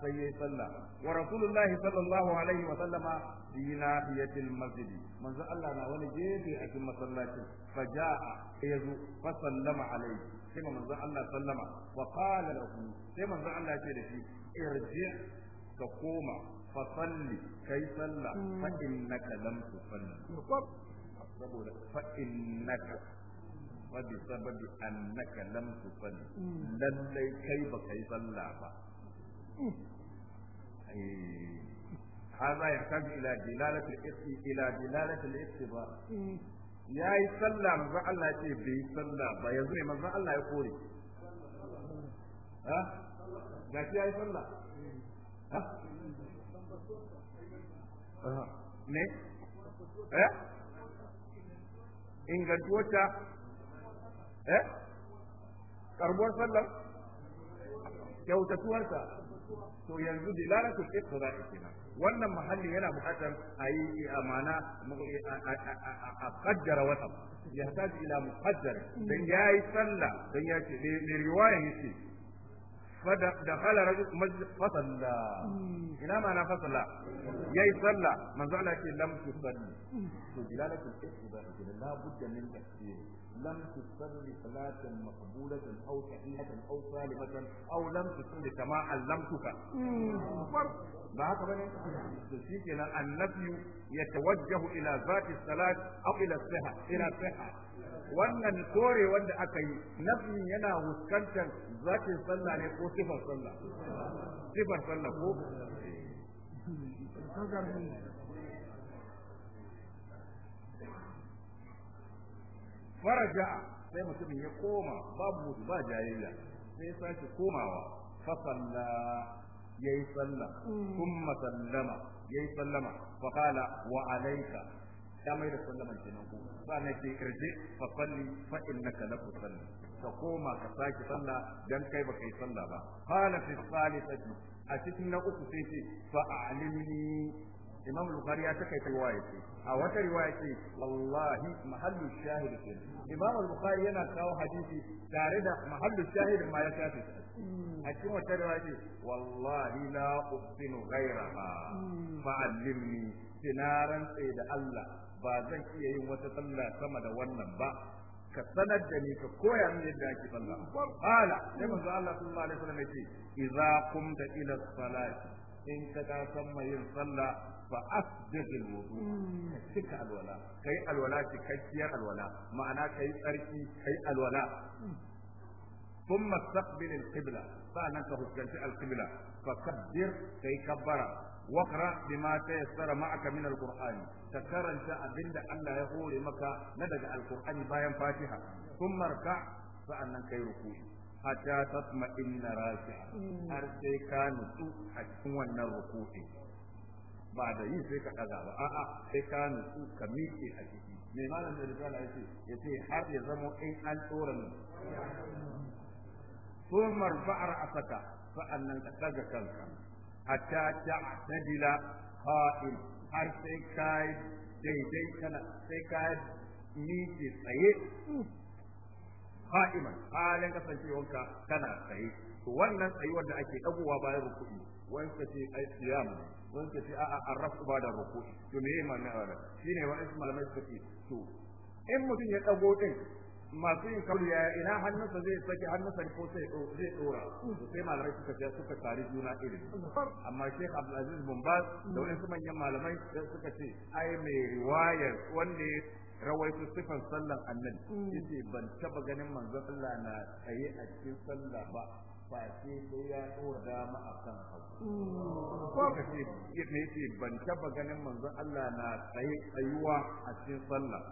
فيه صلى ورسول الله صلى الله عليه وسلم في ناحية المسجد من زال لنا ونجي في أكل مصلاته فجاء يزو فسلم عليه كما من زال الله سلم وقال له كما من زال الله ارجع تقوم فصلي كي صلى فإنك لم تصلي فإنك Babbi sabbabi annaka lamtu faɗi, mm. lallai kai ba ka sallah ba. Ayi, a ya ta yi ilaali da ta yi laifiya da ya yi sallah, mu Allah ya ce bai sallah ba. Yanzu ne ma Allah ya kori. Gatsi ya yi sallah? Eh? Inga duwata. eh karbuwar sallar kyautatuwarsa to yanzu za a kenan wannan mahalli yana buƙatar a yi amana a kaddara wata ya ji ila muqaddar dan yayi sallah dan ya ce ne riwaya yace fada dakhala rajul masjid fasalla ina ma na fasalla yayi sallah manzo Allah ke lam tusalli to dilalatul iqtida kenan la budda min tafsir لم تصل صلاة مقبولة أو صحيحة أو سالمة أو لم تصل كما علمتك ba haka bane to shi kenan annabi yatawajjahu ila zati salat aw ila sihha ila sihha wannan kore wanda aka yi nafi yana fuskantar zakin sallah ne ko sifar sallah sallah ko faraja sai mutumin ya koma babu mutu ba jayayya sai ya sake komawa fa salla yayi salla kuma sallama yayi sallama fa qala wa alayka ya mai da sallama kenan ko ba ne ke kirje fa salli fa innaka la tusalli ka koma ka sake sallah dan kai baka yi sallah ba qala fi salisati a cikin na uku sai ce fa alimni imam al bukhari ya takaita riwaya ce a wata riwaya ce wallahi mahallu shahid ce. imam al bukhari yana kawo hadisi tare da mahallu shahid ma ya kafi a cikin wata riwaya ce wallahi la ubtinu ghayraha fa'allimni sinaran sai da Allah ba zan iya yin wata sallah sama da wannan ba ka sanar da ni ka koya min yadda ake sallah qala sai manzo Allah sallallahu alaihi wasallam yace idza qumta ila salati in ka ta samma yin sallah فأسبغ الوضوء تلك الولاء كي الولاء تكير الولاء معنى كي تركي كي الولاء ثم استقبل القبلة فأنك هسكنت القبلة فكبر كي كبر واقرا بما تيسر معك من القران تكرنت ابند الله يقول مكا ندج القران بايان فاتحه ثم اركع فانك كي ركوعي حتى تطمئن راكعا har sai ka nutsu a cikin wannan ruku'i ba da yi sai ka kaza ba a'a sai ka nutsu ka miƙe a ciki mai malam da risala yace yace har ya zama in an tsora ne ثم ارفع رأسك A ta كنك ta dila قائم har sai ka daidai kana sai ka miƙe tsaye ka'iman halin kasancewanka kana tsaye to wannan tsayuwar da ake dagowa bayan rukuni wanda ce ai siyam wanda ce a'a rafu ba da ruku to me yayin ma'ana haka shine wa ismal malamai suka to in mutum ya dago din masu yin kalu ya ina hannunsa zai saki hannunsa ko sai zai dora sai malamai suka ce suka tare juna ilimi amma Sheikh Abdul Aziz bin da wani su manyan malamai suka ce ai mai riwayar wanda rawaito sifan sallan annabi yace ban taba ganin manzon Allah na tsaye a cikin sallah ba face sai ya tsora dama a kan mm. Ko ka ce yadda yake ban taba ganin manzon Allah na tsaye tsayuwa a cikin sallah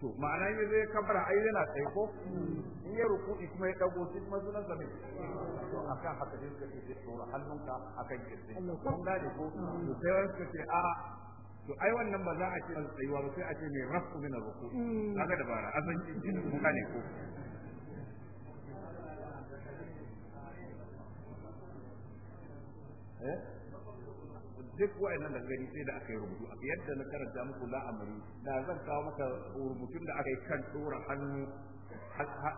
to ma'ana yin zai kabar ai yana tsaye ko mm. in ya ruku kuma ya dago shi kuma sunan sa ne A kan haka sai suka ce tsora hannunka a akan kirji kun gane ko mm. to sai wani suka ce a to ai wannan ba za a ce tsayuwa ba sai a ce mai rafu min ruku kaga dabara asan kirji kun gane ko Eh? duk wa'annan da gani sai da aka yi rubutu a yadda na karanta muku la'amari da zan kawo maka rubutun da aka yi kan tsoron hannu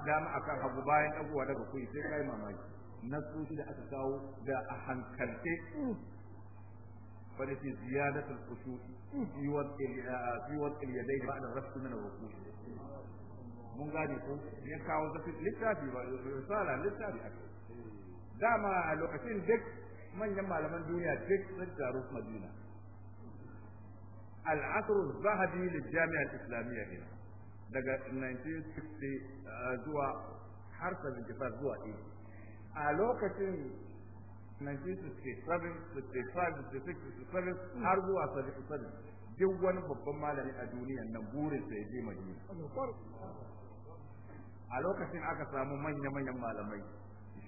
dama akan hagu bayan abuwa daga kuyi sai kai mamaki na soshi da aka kawo da a hankalce فلتي زيادة الخشوع في وضع في وضع اليدين بعد الرفع من الركوع mun gane ko ya kawo zafi littafi ba risala littafi ake dama a lokacin duk manyan malaman duniya duk sun taru Madina al-asr zahabi lil-jami'a al-islamiyya ne daga 1960 uh, zuwa har 75 zuwa 80 a lokacin 1967 har zuwa 77 duk wani babban malami a duniya nan burin sa ya je Madina a lokacin aka samu manya-manyan malamai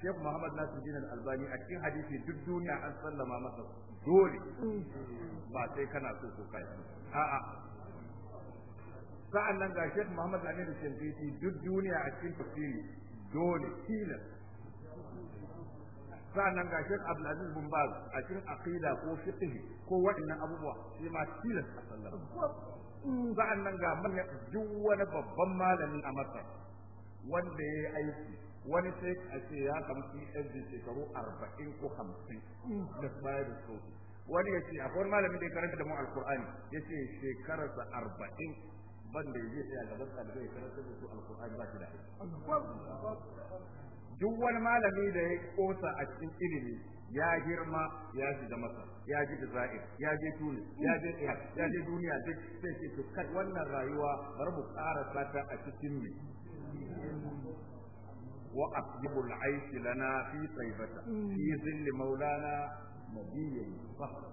Sheikh Muhammad Nasiruddin Al-Albani a cikin hadisi duk duniya an sallama masa dole ba sai kana so ko kai a'a sa'an nan ga Sheikh Muhammad Aminu Shankiti duk duniya a cikin tafsiri dole tilas sa'an nan ga Sheikh Abdul Aziz bin Baz a cikin aqida ko fiqh ko waɗannan abubuwa sai ma tilas a sallama sa'an nan ga manyan duk wani babban malami a Masar wanda ya yi aiki wani sai a ce ya kamfi ɗan shekaru arba'in ko hamsin da baya da su wani ya ce akwai malamin da ya karanta da mu alkur'ani ya ce shekararsa arba'in ban da ya je a gaban ɗalibai ya karanta da su alkur'ani ba shi da duk wani malami da ya kosa a cikin ilimi ya girma ya shiga masa ya ji za'ir ya je tuni ya je Iraq ya je duniya duk sai ce kai wannan rayuwa bar mu ƙara sata a cikin mu وأطيب العيش لنا في طيبة في ظل مولانا نبي الفخر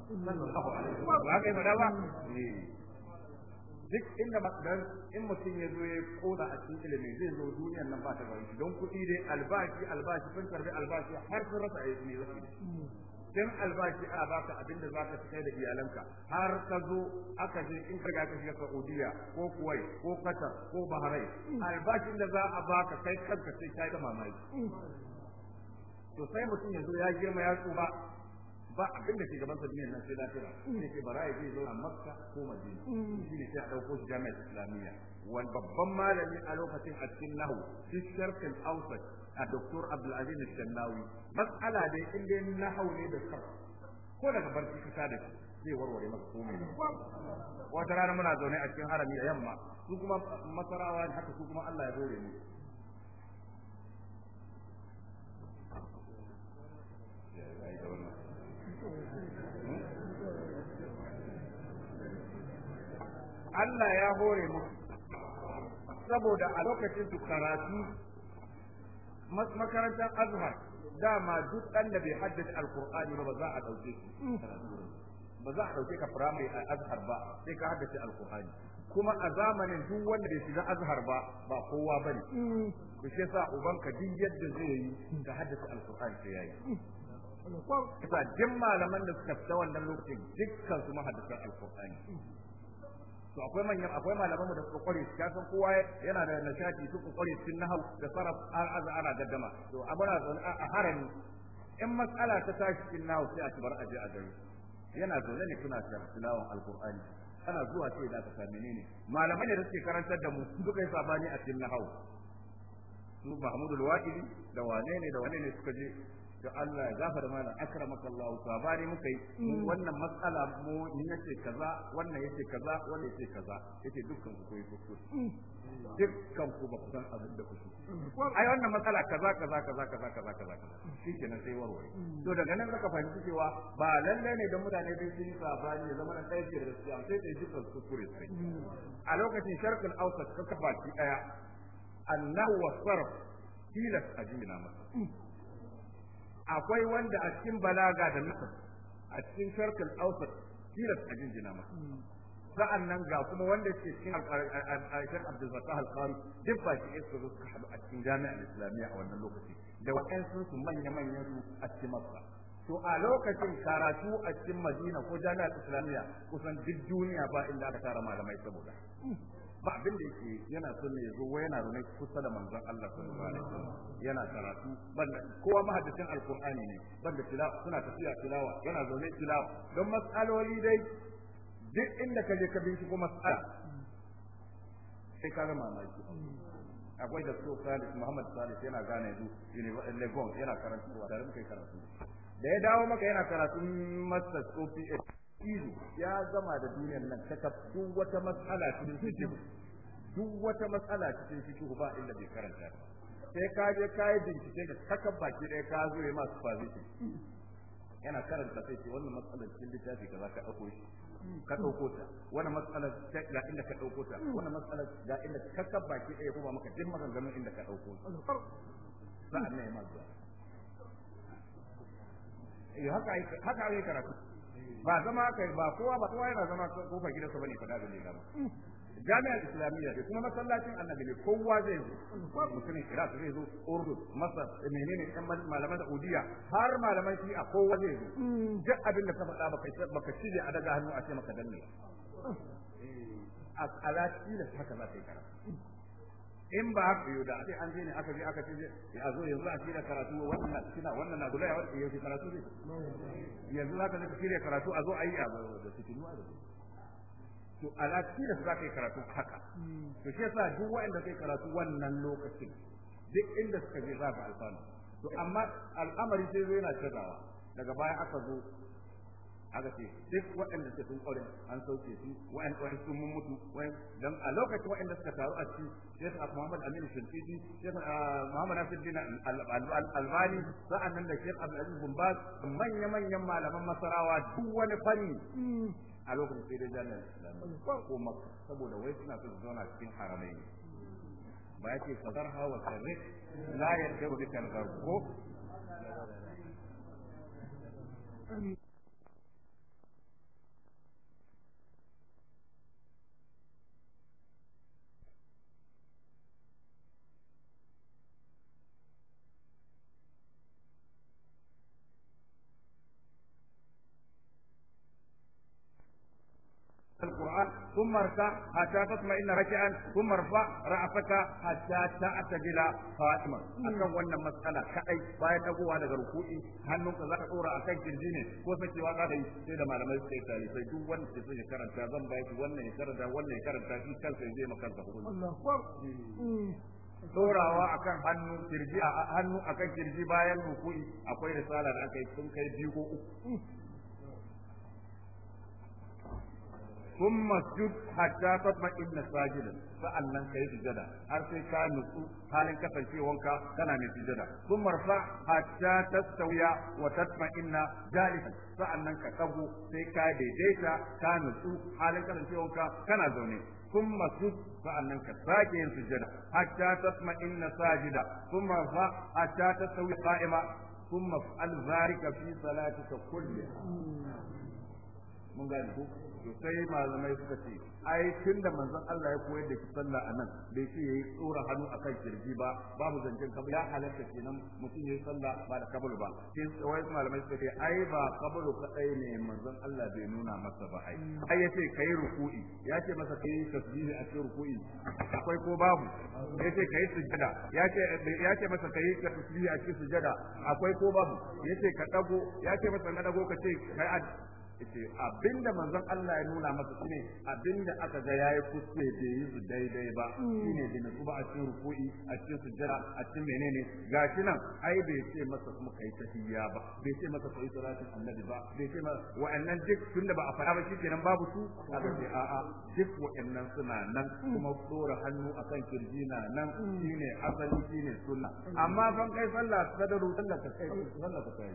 duk inda matsalar in mutum ya zo ya koda a cikin ilimi zai zo duniyar nan ba ta bari don kuɗi dai albashi albashi sun karbi albashi har sun rasa aiki ne zafi dan albashi a baka abin da zaka kai da iyalanka har ka zo aka je in ka ga ka shiga Saudiya ko Kuwai, ko Qatar ko Bahrain albashin da za a baka kai kanka sai kai da mamaki to sai mutum ya zo ya girma ya tsufa ba abin da ke gaban sa duniyar nan sai lafiya ne ke bara ya je zo a Makka ko Madina shi ne sai a dauko shi jami'ar Islamiyya wani babban malami a lokacin a cikin nahu fi sharfin ausat a doktor abdulaziz shannawi matsala dai inda dai nahu ne da sarf ko daga barci kasa da zai warware maka komai wata rana muna zaune a cikin harami da yamma su kuma masarawa ne haka su kuma Allah ya dore mu Allah ya hore musu saboda a lokacin su karatu makarantar azhar dama duk ɗan da bai haddace alkur'ani ba za a ɗauke shi ba za a ɗauke ka firamare a azhar ba sai ka haddace alkur'ani kuma a zamanin duk wanda bai shiga azhar ba ba kowa bane ku shi sa ubanka duk yadda zai yi da haddace alkur'ani sai yayi kisa duk malaman da suka fita wannan lokacin dukkan su mahaddasan alkur'ani to akwai manyan akwai malaman mu da suka kware su kasan kowa yana da nishadi suka kware na nahau da sarraf a'za ana gaddama to a muna zaune a harami in matsala ta tashi cikin nahau sai a ci bar aje a gari yana zaune ne kuna tilawan alqur'ani ana zuwa sai da ka same ne malamai ne da suke karantar da mu duka yi sabani a cikin nahau su Mahmudul Wa'idi da wane ne da wane ne suka je da Allah ya gafara mana akramaka Allah sabani muka yi mm. wannan matsala mu ni yace kaza wannan yace kaza wannan yace kaza yace dukkan ku koyi kuskure mm. dukkan ku ba ku san abin da kuke mm. ai wannan matsala kaza kaza kaza kaza kaza kaza nan sai warware to daga nan zaka fahimci cewa ba lalle ne da mutane dai sun yi sabani ya zama na ɗaya da gaskiya sai dai dukkan kuskure sai a lokacin sharqul awsat ka kafa ki daya annahu wasarf kila ajina masa akwai wanda a cikin balaga da misal a cikin sharkin ausar tilas a jinjina ma sa'an nan ga kuma wanda ke cikin Aishan Abdul Fattah al duk ba shi su zo suka haɗu a cikin jami'ar Islamiyya a wannan lokaci da waɗansu su manya-manyan su a cikin Makka to a lokacin karatu a cikin Madina ko jami'ar Islamiyya kusan duk duniya ba inda aka tara malamai saboda ba abin da yake yana son ne yazo wai yana rune kusa da manzon Allah sallallahu alaihi wasallam yana karatu banda kowa mahaddisin alqur'ani ne banda tilawa suna tafiya tilawa yana zaune tilawa don mas'aloli dai duk inda ka je ka binciko mas'ala sai ka ga mamaki akwai da so Salis Muhammad Salis yana gane yanzu Legon yana karatu da muka yi karatu da ya dawo maka yana karatun Masters OPS ihu ya zama da duniyar nan ta duk wata matsala cikin shi duk wata matsala cikin shi fikihu ba inda bai karanta sai ka je ka yi bincike da saka baki ɗaya ka zo ya masu faziti yana karanta sai ce wannan matsalar cikin littafi kaza ka ɗauko shi ka ɗauko ta wannan matsalar ga inda ka ɗauko ta wannan matsalar ga inda ka saka baki ɗaya kuma maka duk maganganun inda ka ɗauko ta sa'an nan ya mazuwa eh, haka haka ai karatu ba zama kai ba kowa ba kowa yana zama kofar gidansa bane fada da lela ba jami'ar islamiyya ce kuma masallacin annabi ne kowa zai zo mutumin iraq zai zo urdun masar menene kan malaman saudiya har malaman a kowa zai zo mm. duk abin da ka faɗa ba ka shige a daga hannu a ce maka danne mm. eh, a alaƙi da haka za ta yi karatu in ba haka yau da sai an je ne aka je aka ce ya zo yanzu a shirya karatu wannan na kina wannan na gudaya wannan yau karatu zai yanzu za ka je shirya karatu a zo a yi abu da cikin wa da to alaƙi da za ka yi karatu haka to shi yasa duk wa'anda kai karatu wannan lokacin duk inda suka je za ka alfanu to amma al'amari sai zo yana canzawa daga baya aka zo aka ce duk waɗanda suke sun aure an sauke su wa'an wa'an sun mun mutu don a lokacin waɗanda suka taru a cikin abu Muhammad Aminu Shintiti Sheikh ah, Muhammad Nasiruddin Albani nan da Sheikh Abdul Aziz Bin Baz manya manyan malaman Masarawa duk wani fanni a lokacin sai dai jami'ar Islam ko Makka saboda wai suna so su zauna cikin haramai ba yake hawa wa sarrik la yarda bi kan ko القرآن ثم ارفع حتى تطمئن ركعا ثم ارفع رأسك حتى تعتدل قائما wannan matsala kadai bayan dagowa daga ruku'i hannunka zaka dora akan kirji ne ko sakewa ka da sai da malamai sai tare sai duk wanda ke karanta zan bai shi wannan karanta wannan ya karanta shi kansa zai akan hannu kirji a hannu akan kirji bayan ruku'i akwai risala da aka yi sun kai biyu ko uku thumma sujud hatta Sa'an nan ka kai sujada har sai ka nutsu halin kasancewanka kana mai sujada thumma rafa hatta sauya wa ta tatma'inna Sa'an nan ka kago sai ka daidaita ka nutsu halin kasancewanka kana zaune ka ثم سجد فأنن كساك ينسجد حتى تطمئن ساجدا ثم ta حتى تستوي قائما ثم افعل ذلك في صلاتك كلها من ذلك to sai malamai suka ce ai tun da manzon Allah ya koyar da ki sallah anan bai ce yayi tsora hannu akan kirji ba babu zancen kabul ya halatta kenan mutum yayi sallah ba da kabul ba sai wai malamai suka ce ai ba kabul kadai ne manzon Allah bai nuna masa ba ai ai yace kai ruku'i ya ce masa kai tasbihi a cikin ruku'i akwai ko babu ya ce kai sujada ya ce ya ce masa kai tasbihi a cikin sujada akwai ko babu ce ka dago ya ce masa ka dago ka ce kai yace abinda manzon Allah ya nuna masa shine abinda aka ga yayi kuskure bai yi su daidai ba mm. shine da nasu ba a cikin ruku'i a cikin sujjara a cikin menene gashi nan ai bai ce masa kuma kai tahiyya ba bai ce masa kai salatin annabi ba bai ce masa wa'annan duk tunda ba a fara ba shikenan babu su a a'a duk wa'annan suna nan mm. kuma dora hannu akan kirji na nan mm. shine asali shine sunna amma ban kai sallah sadaru sallah ka kai sallah ka kai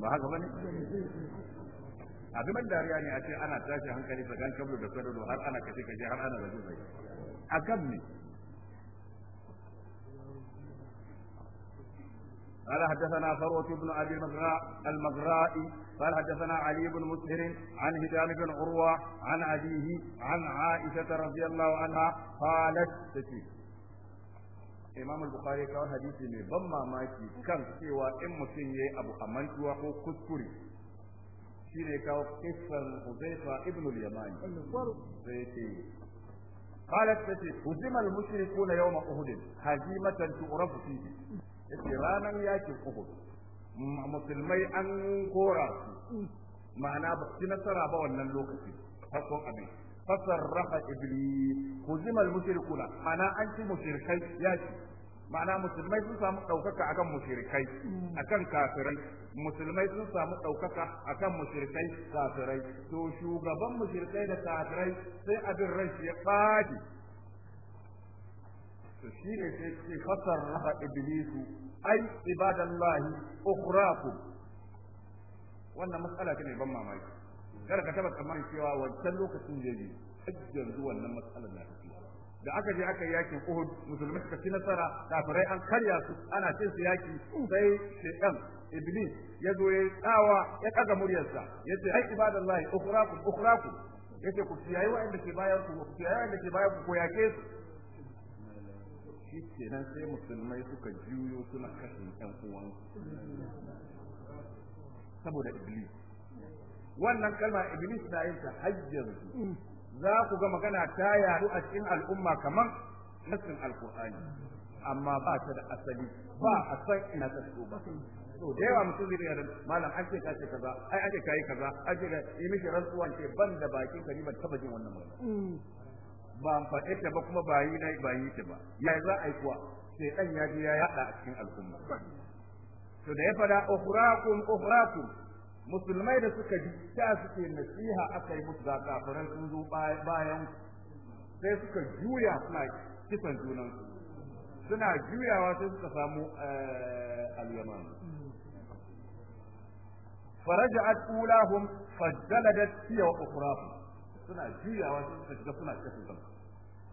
ba haka bane abin dariya ne a ce ana tashi hankali tsakanin kablo da sadado har ana kashe kashe har ana rabu zai a kan ne قال حدثنا فروة بن أبي المغراء المغراء قال حدثنا علي بن مسهر عن هدام بن عروة عن أبيه عن عائشة رضي الله عنها قالت تشيك imam al-bukhari kawo hadisi mai ban mamaki kan cewa in mutum yayi abu a mantuwa ko kuskure shine kawo kissan Huzaifa ibn al-Yamani sai ce قالت تتي هزم المشركون يوم أهد هزيمة تعرف فيه ranar yakin أهد musulmai an gora su ma'ana ba su nasara ba wannan lokaci farkon abin fasarraha iblis kuzimal mushrikuna ana an ci mushrikai mana musulmai sun samu ɗaukaka akan mushrikai akan kafirai musulmai sun samu ɗaukaka akan mushrikai kafirai to shugaban mushrikai da kafirai sai abin rai ya fadi to shi ne sai ce fasar raha iblisu ai ibadallahi ukhraku wannan matsala ta ne ban mamaki kada ka taba tsammanin cewa wancan lokacin zai yi zuwa wannan matsalar na tafiya da aka je aka yi yakin Uhud musulmai suka ci nasara farai an karya su ana cin su yaki sai shekan iblis ya zo ya tsawa ya kaga muryarsa yace ai ibadallahi ukhraku ukhraku yace ku kiyaye wa'anda ke bayan ku ku kiyaye wa'anda ke bayan ku ko yake su nan sai musulmai suka juyo suna kashin ƴan uwan saboda iblis wannan kalma iblis na yin ta hajjar za ku ga magana ta yaru a cikin al'umma kamar nassin alkur'ani amma ba ta da asali ba a san ina ta ba to da yawa mutum zai riga malam an ce ka ce kaza ai an ce kai kaza an ce yi miki rantsuwa ce ban da baki ka ni ban taba jin wannan magana ba an faɗe ta ba kuma ba yi na ba yi ta ba ya za a yi kuwa sai dan ya je ya yada a cikin al'umma to da ya fada ukhrakum ukhrakum musulmai da suka ji ta suke nasiha aka yi musu da kafiran sun zo bayan sai suka juya suna kisan junansu suna juyawa sai suka samu eh, al-yaman ulahum أولاهم فجلدت wa وأخراهم suna juyawa sai suka ga suna kisan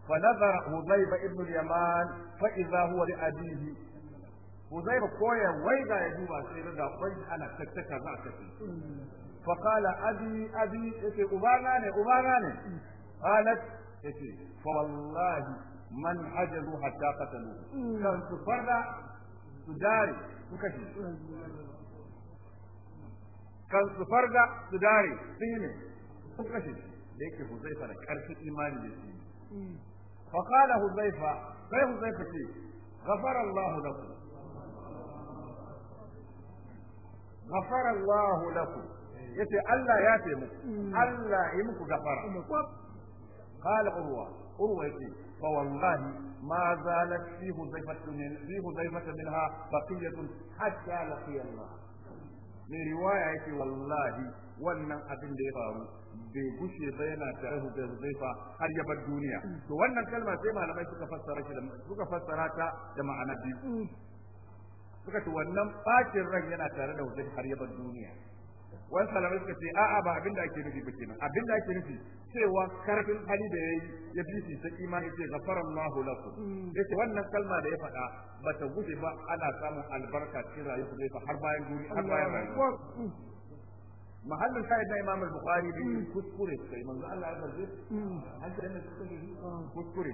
fa nazara hudayba ibn yaman fa idza huwa li abihi Huzairu koya wai ga ya duba sai ga kwai ana tattaka za a tafi. Fa qala abi abi yace ubana ne ubana ne. Qalat yace fa wallahi man hajaru hatta qatalu. Kan su farda su dare su kashi. Kan su farda su dare Da yake Huzaifa da karfin imani da sai ce غفر الله لكم ghafara Allahu lakum eh. yace Allah ya ce muku hmm. Allah ya muku gafara qala urwa urwa yace fa wallahi ma zalat fi huzaifatin fi huzaifatin minha baqiyatun hatta laqiya Allah mai riwaya yake wallahi wannan abin da ya faru bai gushe ba yana tare da Huzaifa har ya bar duniya hmm. to wannan kalma sai malamai suka fassara shi suka ta da ma'ana biyu hmm. suka ce wannan bacin ran yana tare da wajen har yaban duniya wan salama suka ce a'a ba da ake nufi ba kenan da ake nufi cewa karfin hali da yayi ya bi shi ta imani ce gafara Allahu lakum mm. yace wannan kalma da ya faɗa bata gube ba ana samun albarka cikin rayuwa har bayan duniya har bayan rayuwa mahallin sai da Imam Bukhari da kuskure sai manzo Allah ya barje hmm. an da ne kuskure kuskure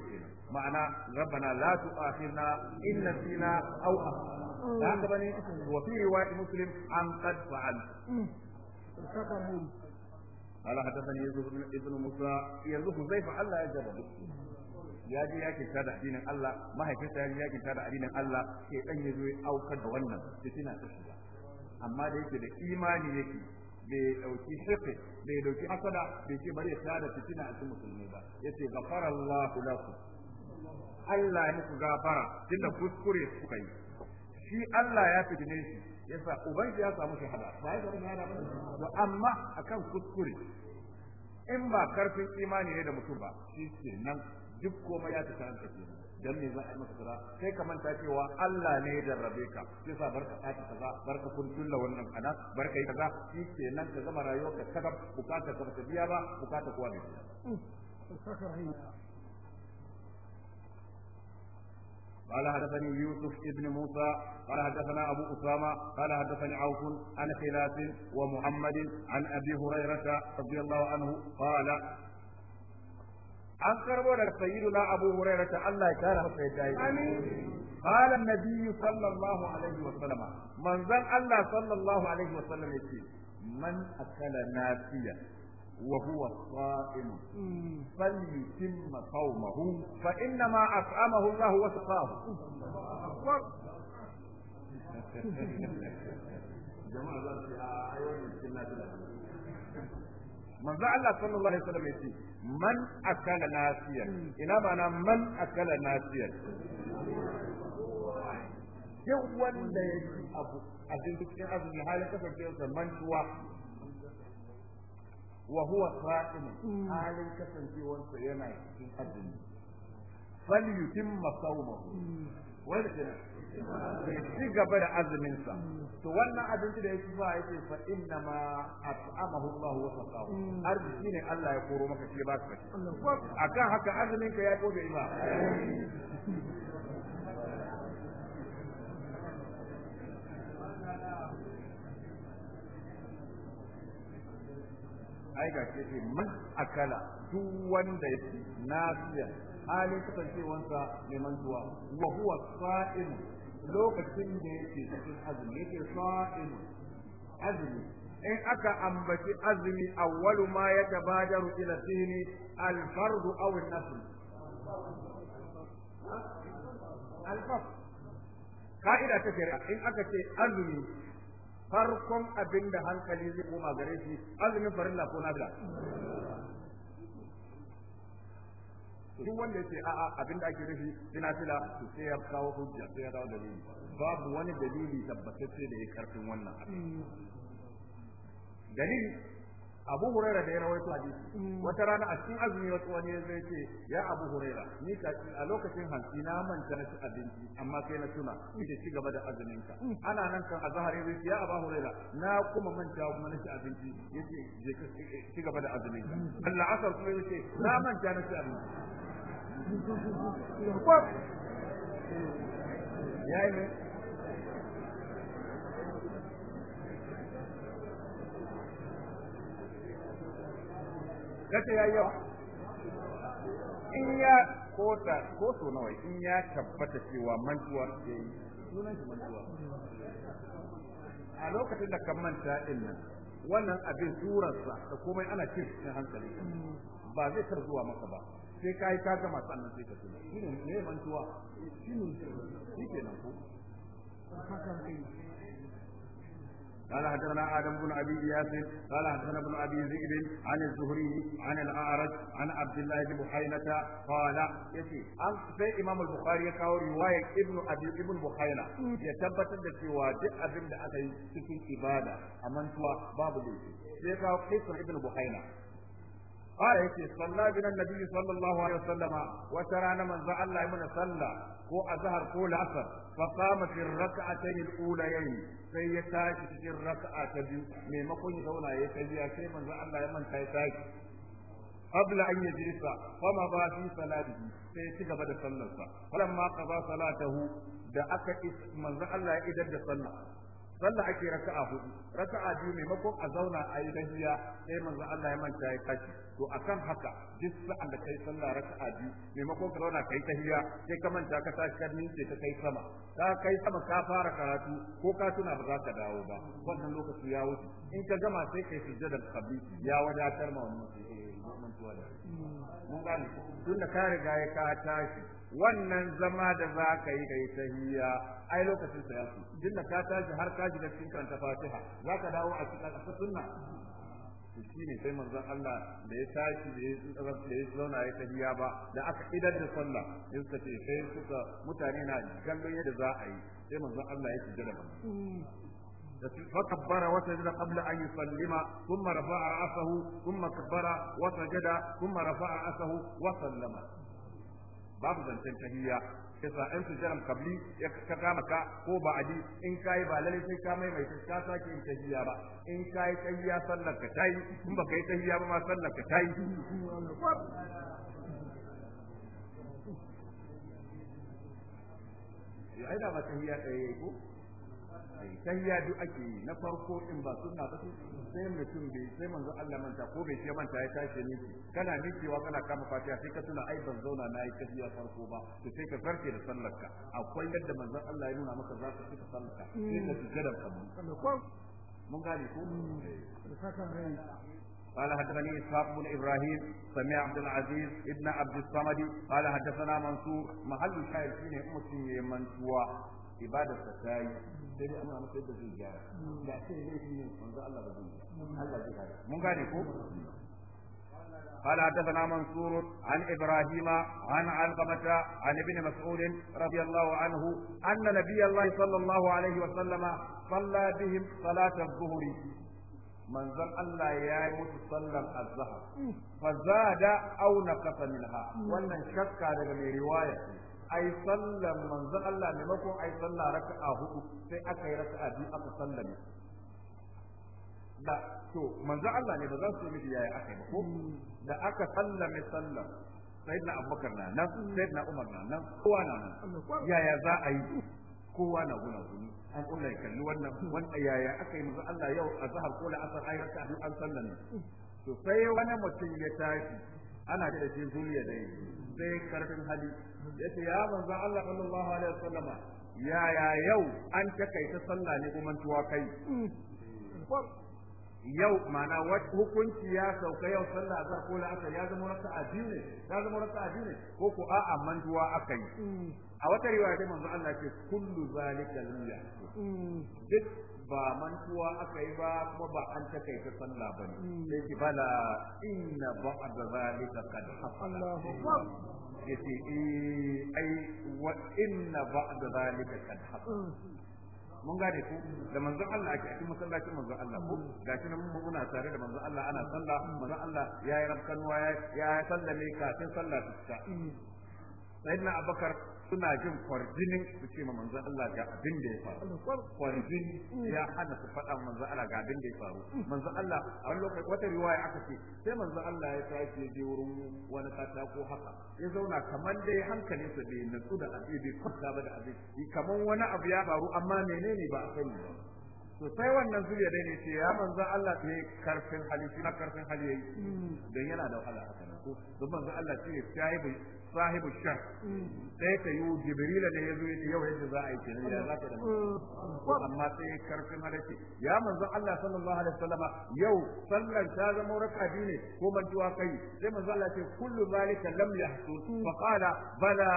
ma'ana rabbana la tu'akhirna in nasina aw akhtana hmm. haka bane wa fi riwayat muslim an qad fa'al قال حدثني يوسف ابن موسى يوسف زيف الله يجرب ya je yakin tada addinin Allah mahaifinsa ya je addinin Allah sai dan ya ya aukar da wannan fitina ta amma da yake da imani yake bai dauki hiqi bai dauki hasada bai ce bari ya tada fitina a cikin musulmi ba yace ghafara Allahu lakum Allah ya ku gafara tunda kuskure kuka yi shi Allah ya fitine shi yasa ubangi ya samu shahada ba ya samu shahada ba amma akan kuskure in ba karfin imani ne da mutum ba shi ke nan duk komai ya ta karanta kenan dan me za a yi maka kaza sai ka manta cewa Allah ne ya jarrabe ka sai sa barka ka kaza barka kun tulla wannan kana barka yi kaza shi ke nan ka zama rayuwa ka kaga bukata ka bata biya ba bukata kuwa bai biya قال حدثني يوسف ابن موسى قال حدثنا ابو اسامه قال حدثني عوف عن خلاف ومحمد عن ابي هريره رضي الله عنه قال an karbo da sayyiduna abu hurairah ta Allah ya kare masa yadda yake amin qala an-nabiy sallallahu alaihi wa sallam man Allah sallallahu alaihi wa sallam yake man akala nafiya wa huwa sa'im hmm. falyutim sawmahu fa inna ma at'amahu Allah wa saqahu jama'a za su yi a yau da cikin lafiya manzo Allah sallallahu alaihi wa sallam yake man akala nasiyan hmm. ina mana man akala nasiyan duk wanda ya ci abu a cikin hali azumi halin man mantuwa wa huwa sa'im hmm. halin kasancewarsa yana cikin azumi fal yutimma sawmahu hmm. wanda ya ci gaba da azumin sa to wannan abinci da yake ba yake fa inna ma at'amahu Allah wa saqahu mm. arziki ne Allah ya koro maka shi ba ka akan haka azumin ka ya gobe ba ai ga ce ce man akala duk wanda yake nasiya halin kasancewansa mai mantuwa wa huwa sa'im lokacin da yake cikin azumi yake sa'im azumi in aka ambaci azumi awwalu ma tabadaru ila sini al-fardu aw an-nafl al-fardu ka'ida ta shari'a in aka ce azumi farkon abin da hankali zai koma gare shi azumin farilla ko nafila duk wanda ya ce a'a abin da ake rufi ina fila to sai ya kawo hujja sai ya kawo dalili babu wani dalili tabbatacce da ya karfin wannan abin hmm. dalili abu huraira da ya rawaito hadisi mm. wata rana a cikin azumi wasu wani zai ce ya abu huraira ni ka a lokacin hanci na manta na ci abinci amma sai na tuna da ci gaba da azumin ka mm. ana nan kan azhari zai ya abu huraira na kuma manta kuma na ci abinci ce je ka ci gaba da azumin ka mm. Allah asar kuma ce na manta na ci abinci ne kace yayi yawa in ya ko ta ko so nawa in ya tabbata cewa mantuwa yayi sunan shi mantuwa a lokacin da kan manta din nan wannan abin surarsa da komai ana cin cikin hankali ba zai tar zuwa maka ba sai ka yi kaga masu annan sai ka tuna shine ne mantuwa shi ne shine ke nan ko قال حدثنا ادم بن ابي اياس قال حدثنا ابن ابي ذئب عن الزهري عن الاعرج عن عبد الله بن بحينة قال يتي ان سي امام البخاري كاو روايه ابن ابي ابن بحينة يثبت da cewa duk abin da aka yi cikin ibada a mantuwa babu laifi sai kawo kisan ibn buhaina قال يتي صلى بنا النبي صلى الله عليه وسلم وترانا من ذا الله من صلى كو أزهر كو العصر فقام في الركعتين الأوليين sai ya tashi cikin raka'a ta biyu maimakon ya zauna ya tafiya sai manzo Allah ya manta ya tashi قبل أن يجلس فمضى في صلاته سيتي قبل صلى فلما قضى صلاته da aka manzo Allah ya idar da sallah sallah ake raka'a hudu raka'a biyu maimakon a zauna a yi dahiya sai manzo Allah ya manta ya tashi to akan haka duk sa'an da kai sallah raka'a biyu maimakon ka zauna kai tahiya sai ka manta ka tashi ka sai ka kai sama ka kai sama ka fara karatu ko ka tuna ba za ka dawo ba wannan lokaci ya wuce in ka gama sai kai sujjadar qabli ya wadatar ma wannan mun ka riga ka tashi wannan zama da za ka yi kai tahiyya ai lokacin sa ya tun ka tashi har ka ji da cikin karanta fatiha za ka dawo a cikin sunna shi ne sai manzon Allah da ya tashi da ya zauna ya tahiya ba da aka idar da sallah sai ce sai suka mutane na kallon yadda za a yi sai manzon Allah ya da ba فكبر وسجد قبل أن يسلم ثم رفع رأسه ثم كبر وسجد ثم رفع رأسه وسلم باب zancen tahiyya kisa in sujaran kabli ya ka kama ka ko ba aji in kai ba lalle sai ka mai mai ka sake in tahiya ba in kai tahiya sallar ka tayi in ba kai tahiya ba ma sallar ka tayi ya aida ba tahiyya ɗaya ko ya duk ake yi na farko in ba sunna ba sai mutum bai sai manzo Allah manta ko bai ce manta ya tashi ne kana nikewa kana kama fatiha sai ka tuna ai ban zauna na yi kafiya farko ba to sai ka farke da ka akwai yadda manzo Allah ya nuna maka za ka cika ka sai ka gadan ka mun gane ko mm. قال حدثني اسحاق بن ابراهيم سمع عبد العزيز ابن عبد الصمد قال حدثنا منصور محل الشاهد فيه امتي منصور ibadar sa ta yi sai dai amma masa yadda zai gyara da ce ne shi ne manzo Allah ba zai Allah zai gyara mun gane ko قال حدثنا منصور عن ابراهيم عن علقمة عن ابن مسعود رضي الله عنه ان نبي الله صلى الله عليه وسلم صلى بهم صلاة الظهر من ذن الله يا صلى الظهر فزاد او نقص منها وان شك على روايه ai sallan manzon Allah maimakon ai sallah raka'a hudu sai aka yi raka'a biyu aka sallame da to manzon Allah ne ba za su miji yaya aka yi ba ko hmm. da aka sallame sallan sayyidina Abubakar na nan sayyidina Umar na nan kowa na nan yaya za a yi kowa na guna guni an kula ya kalli wannan wanda yaya aka yi manzon Allah yau a zahar ko la asar ai raka'a biyu an sallame to sai wani mutum ya tashi ana da shi da yi sai karfin hali yace ya manzo Allah sallallahu alaihi wasallama ya ya yau an takaita sallah ne kuma tuwa kai yau mana hukunci ya sauka yau sallah za ko aka ya zama raka'a biyu ne ya zama raka'a biyu ne ko ko a mantuwa aka yi a wata riwaya da manzo Allah ce kullu zalika lillahi mm. duk ba mantuwa aka yi ba kuma ba an ta kai ta sallah ba ne hmm. sai ki bala inna ba'd zalika qad hasala yace eh ai wa inna ba'd zalika qad hasala hmm. mun gane ku da manzon Allah ake cikin masallacin manzon Allah ko hmm. gashi nan muna tare da manzon Allah ana sallah manzon Allah ya rabkan waya ya sallame kafin sallah ta sai na Abubakar suna jin kwarjinin su ce ma manzan Allah ga abin da ya faru kwarjini ya hana su faɗa manzan Allah ga abin da ya faru manzan Allah a wani lokaci wata riwaya aka ce sai manzan Allah ya tashi ya je wurin wani ko haka ya zauna kamar dai hankalin sa bai natsu da abin bai kwanta ba da abin kamar wani abu ya faru amma menene ba a sani ba to sai wannan zuriya dai ne ce ya manzan Allah ne karfin hali shi na karfin hali yayi hmm. dan yana da wahala haka ne ko don Allah ce ya yi sahibu shar sai ta yi jibrila da ya zo ya yau yadda za a yi kenan ya za ta da amma sai ya manzo Allah sallallahu alaihi yau sallar ta zama raka biyu ne ko mantuwa kai sai manzo Allah ce kullu zalika lam yahsu fa qala bala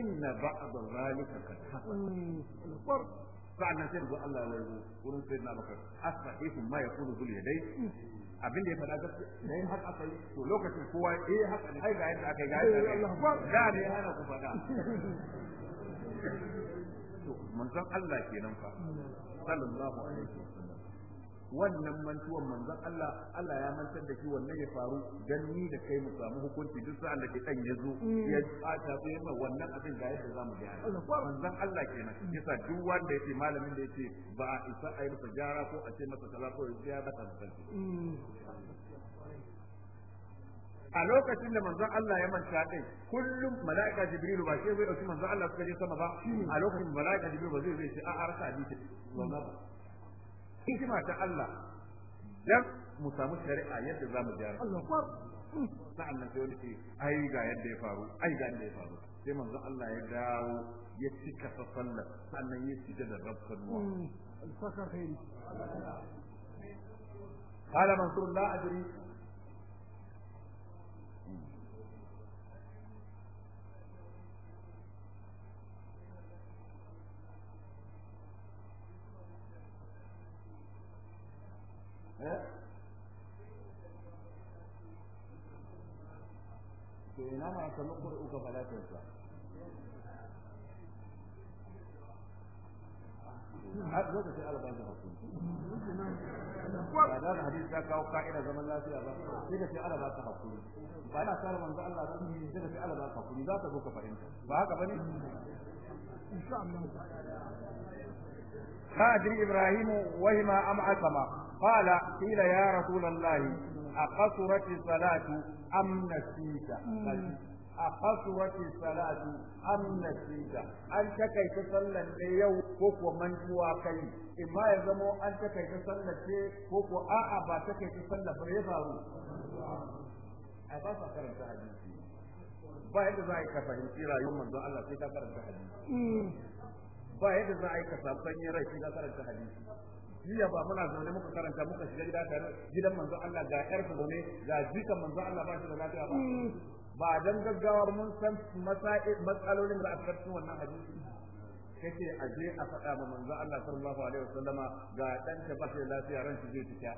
inna ba'd zalika kad hasan sa'an sai da Allah ya wurin sayyidina Abubakar asfahihu ma yakunu zul yadai abin da ya faɗa gaskiya ne har aka yi to lokacin kowa eh haka ne ai ga yadda aka yi ga yadda eh, da ne hana ku faɗa to manzon Allah kenan fa sallallahu alaihi wasallam wannan mantuwan manzon Allah Allah ya mantar da shi wannan ya faru dan ni da kai mu samu hukunci duk sa'an da kitan ya zo mm. ya fata ko yamma wannan abin ga yadda zamu ga manzon Allah kenan mm. yasa duk wanda yake malamin da yake ba a isa a yi masa jara ko a ce masa kaza ko ya ba ta mm. a lokacin da manzon Allah ya manta dai kullum mala'ika jibril ba sai zai dauki manzon Allah suka je sama ba a lokacin mala'ika jibril ba zai zai ce a arsa hadisi ba hikima ta Allah dan mu samu shari'a yadda zamu gyara hmm. sa'an nan sai wani ce ai ga yadda ya faru ai ga yadda ya faru sai manzo Allah ya dawo ya cika sa sallar sannan ya shiga da rabkan ruwa hmm. al-fakar khairi qala منصور لا أدري to ina ma ka makuru uka falatar sa har zo sai Allah ba shi hukunci ba da hadisi ta kawo ka'ida zaman lafiya ba sai da sai Allah ba ka hakuri ba ina kare manzo Allah ba sai da sai Allah ba ka hakuri za ka zo ka fahimta ba haka bane insha Allah ما إبراهيم وهما أم أسما قال قيل يا رسول الله أقصرت الصلاة أم نسيت أقصرت الصلاة أم نسيت أن تكي تصلى اليوم كوكو من سوى إما يزمو أن تكي تصلى كوكو أعبا تكي تصلى بريفا أبا فكرت حديثي ba yadda za ka fahimci rayuwar manzon Allah sai ka karanta hadisi ba yadda za a yi kasa sanyin rai shi za karanta hadisi jiya ba muna zaune muka karanta muka shiga gida tare gidan manzo Allah ga yar ka zaune ga jikan manzo Allah ba shi da lafiya ba hmm. ba dan gaggawar mun san matsalolin da aka cikin wannan hadisi kace a je a faɗa ma manzo Allah sallallahu alaihi wasallama ga dan ta ba shi da lafiya ran shi zai fita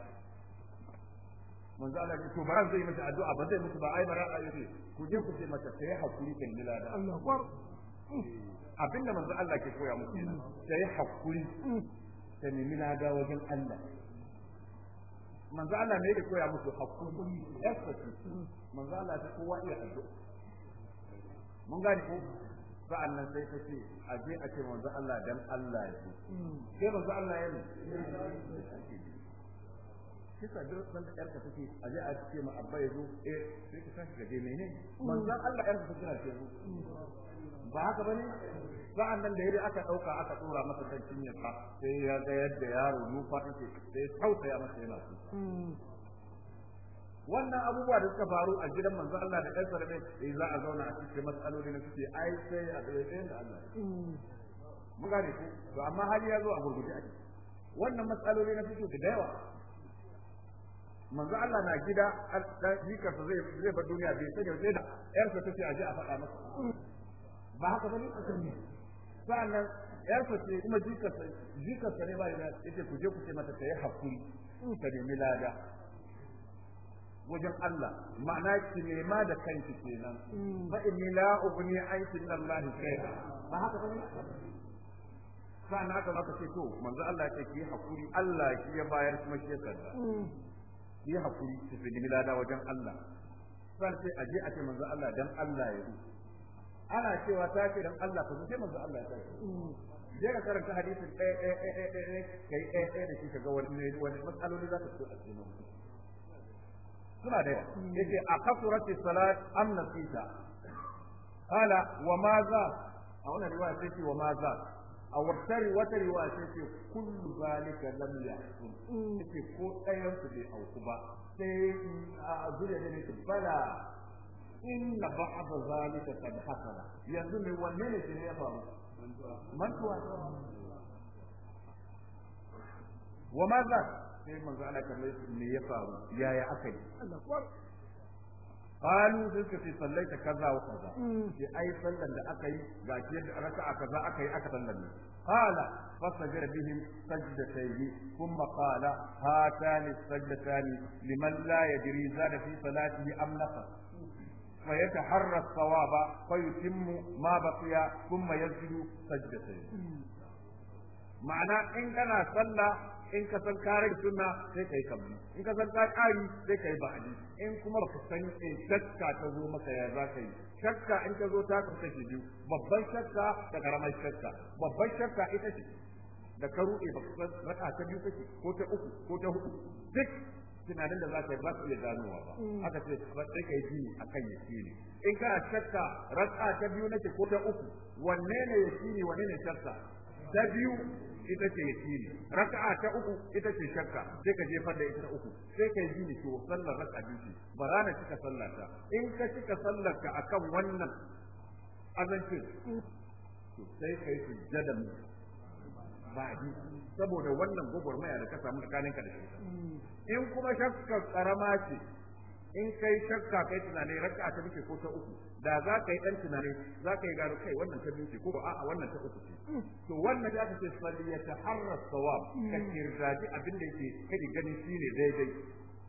manzo Allah ya ce ba zai yi mata addu'a ba zai mutu ba ai bara ayi ku je ku ce mata sai hakuri kan gilada Allah akbar Eh, abinda manzo Allah ke koya muku sai hakuri ta nemi lada wajen Allah manzo Allah ne ke koya muku hakuri yasaki manzo Allah ta kowa iya hakuri mun gani ko sa'an nan sai ta ce a je a ce manzo Allah dan Allah ya ce sai manzo Allah ya ne kisa duk sanda yarka take a je a ce ma abba ya zo eh sai ka tashi gaje menene manzo Allah yarka take ta ce ba haka bane sa'an nan da yadda aka dauka aka tsora masa kan cinyar ka sai ya ga yadda yaro nufa take sai ya masa yana su hmm. wannan abubuwa da suka faru a gidan manzo Allah da ɗansa da mai eh, za a zauna a cikin matsaloli na suke ai sai a tsaye da Allah hmm. mun gane ku to amma hali ya zo a gurguje a wannan matsaloli na suke da yawa manzo Allah na gida jikarsa zai zai bar duniya bai sanya sai da yarsa take aje a faɗa masa ba haka bane sa'annan yar fice kuma jikar jikarsa ne ba ina yace ku je ku ce mata tayi hakuri in ta nemi lada wajen Allah ma'ana ki nema da kanki kenan mm. fa ubu la ughni anki min Allah shay'a ba haka bane sa'an haka ka ce to manzo Allah ce ki hakuri Allah ki ya bayar kuma shi ya sarda mm. ki hakuri ki nemi lada wajen Allah sai a je a ce manzo Allah dan Allah ya yi ana cewa ta ce dan Allah ka sai manzo Allah ya tashi je ka karanta hadisin ɗaya ɗaya ɗaya ɗaya ɗaya kai ɗaya ɗaya da shi ka ga wani wani matsaloli za ka fito a cikin suna da yawa hmm. yace a kasurati salat am nasita hala wa ma za a wannan riwaya sai ce wa ma za a wata wata riwaya sai ce kullu zalika lam yahsun hmm. yace ko ɗayan su bai auku ba sai a zuriya da ne bala inna ba'da zalika qad hasara yanzu me wannan ne ya faru mantuwa wa ma za? sai manzo ana kallon me ya faru ya yaya aka yi qalu duka fi sallaita kaza wa kaza ki mm. ai sallan da aka yi ga ki raka'a kaza aka yi aka sallan ne qala fasajjar bihim sajdatayhi kuma qala hatani sajdatani liman la yadri zada fi salatihi am nafas فيتحرى الصواب فيتم ما ba ثم يسجد سجدتين معنى إن كان صلى in kana ka san karar sunna sai kai kabli in ka san kai ari sai kai ba'di in kuma ka san in shakka ta zo maka ya za ka yi shakka in ta zo ta kasa ki biyu babban shakka da karamar shakka babban shakka ita ce da ka ba ka san raka ta biyu kake ko ta uku ko ta hudu duk tunanin da za ka yi ba su iya ganowa ba mm. aka ce ba sai ka yi jini a kan ne. in kana shakka raka ta biyu nake ko ta uku wanne ne ne wanne ne shakka ta biyu ita ce ne rasa ta uku ita ce shakka sai ka jefar da ita uku sai ka yi to sallar rasa biyu ba rana cika ta in ka cika sallar ka akan wannan azancin sai ka yi sujjada ba saboda wannan gwagwarmaya da ka samu tsakaninka da shi mm. in kuma shakka karama ce in kai shakka kai tunani rak'a ta biyu ko ta uku da za ka yi dan tunani za ka yi gano kai wannan ta biyu ko a'a wannan ta uku ce to wannan da aka ce salli ya taharra sawab ka kirzaji abin da yake kai gani shine daidai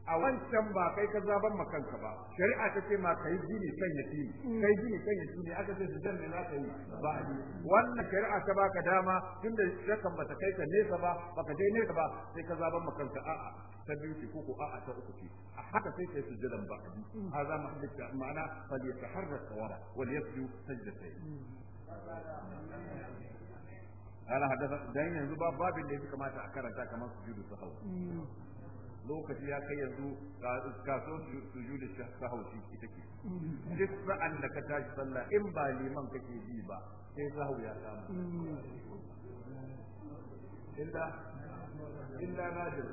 a wancan ba kai ka zaban makanka ba shari'a ta ce ma kai gini kan yatimi kai gini kan yatimi aka ce su danne za ka yi ba a wannan shari'a ta baka dama tunda shakan bata kai ka nesa ba baka dai nesa ba sai ka zaban makanka a'a ta biyu ce ko ko a'a ta uku ce a haka sai kai sujjadan ba abi haza mahdaka ma'ana fal yataharrak wara wal yasjudu sajdatayn قال حدث دين ينزو باب باب اللي كما تأكرتا كما سجود السهو lokaci ya kai yanzu ga kaso sujudi sahauci ita ke duk sa'an da ka tashi sallah in ba liman kake bi ba sai sahau ya samu illa illa nadir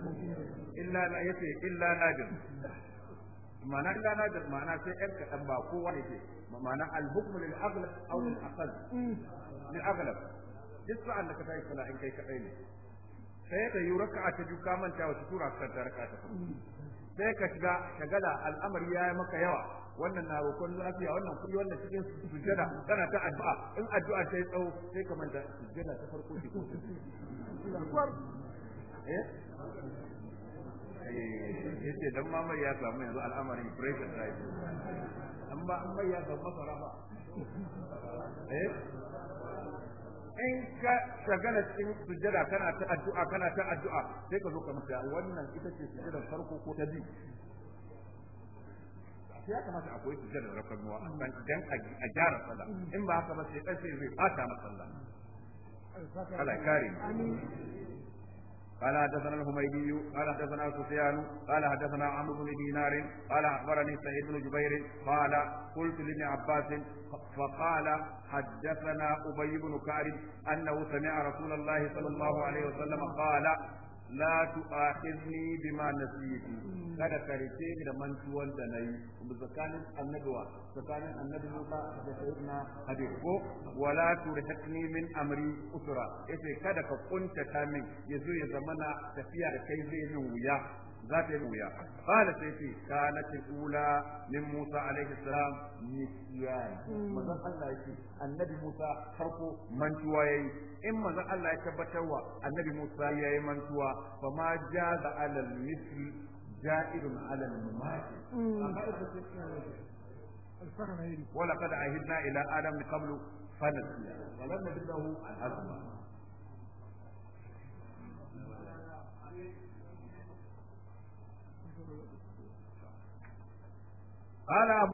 illa na yace illa nadir ma'ana illa nadir ma'ana sai ɗan kaɗan ba kowa ne ke ma'ana al hukm lil aghlab aw lil aqall lil aghlab duk sa'an da ka tashi sala in kai kadai ne sai ka yi raka'a ta biyu ka manta wa sura ka ta raka'a ta sai ka shiga shagala al'amari ya yi maka yawa wannan na roƙon lafiya wannan kuɗi wannan cikin sujjada kana ta addu'a in addu'a ta yi tsawo sai ka manta sujjada ta farko ce ko ila eh? eh yace dan mamar ya samu yanzu al'amarin pressure drive yi ba an mai ya samu masara ba eh in ka shagala cikin sujada kana ta addu'a kana ta addu'a sai ka zo ka mutu wannan ita ce sujada farko ko ta biyu ya kamata akwai sujada rakannuwa dan a gyara sallah in ba haka ba sai kai sai zai fata masallah Allah kare قال حدثنا الحميدي قال حدثنا سفيان قال حدثنا عمرو بن دينار قال اخبرني سعيد بن جبير قال قلت لابن عباس فقال حدثنا ابي بن كعب انه سمع رسول الله صلى الله عليه وسلم قال la tu'akhidni bima nasitu kada ka rike ni da mantuwan da nayi tsakanin annabiwa tsakanin annabi Musa da sayyidina Habib ko wala turhaqni min amri usra yace kada ka kunta ta min yazo ya zamana tafiya da kai zai min wuya za ta yi wuya qala sai ce kanat ula min Musa alaihi salam nisyan hmm. manzon Allah yake annabi Musa farko mantuwa yayi in maza Allah ya tabbatarwa annabi Musa ya yi mantuwa fa ma ja da alal misli ja'irun alal mumaki ولقد عهدنا إلى آدم من قبل فنسي ولم نجد له عزما قال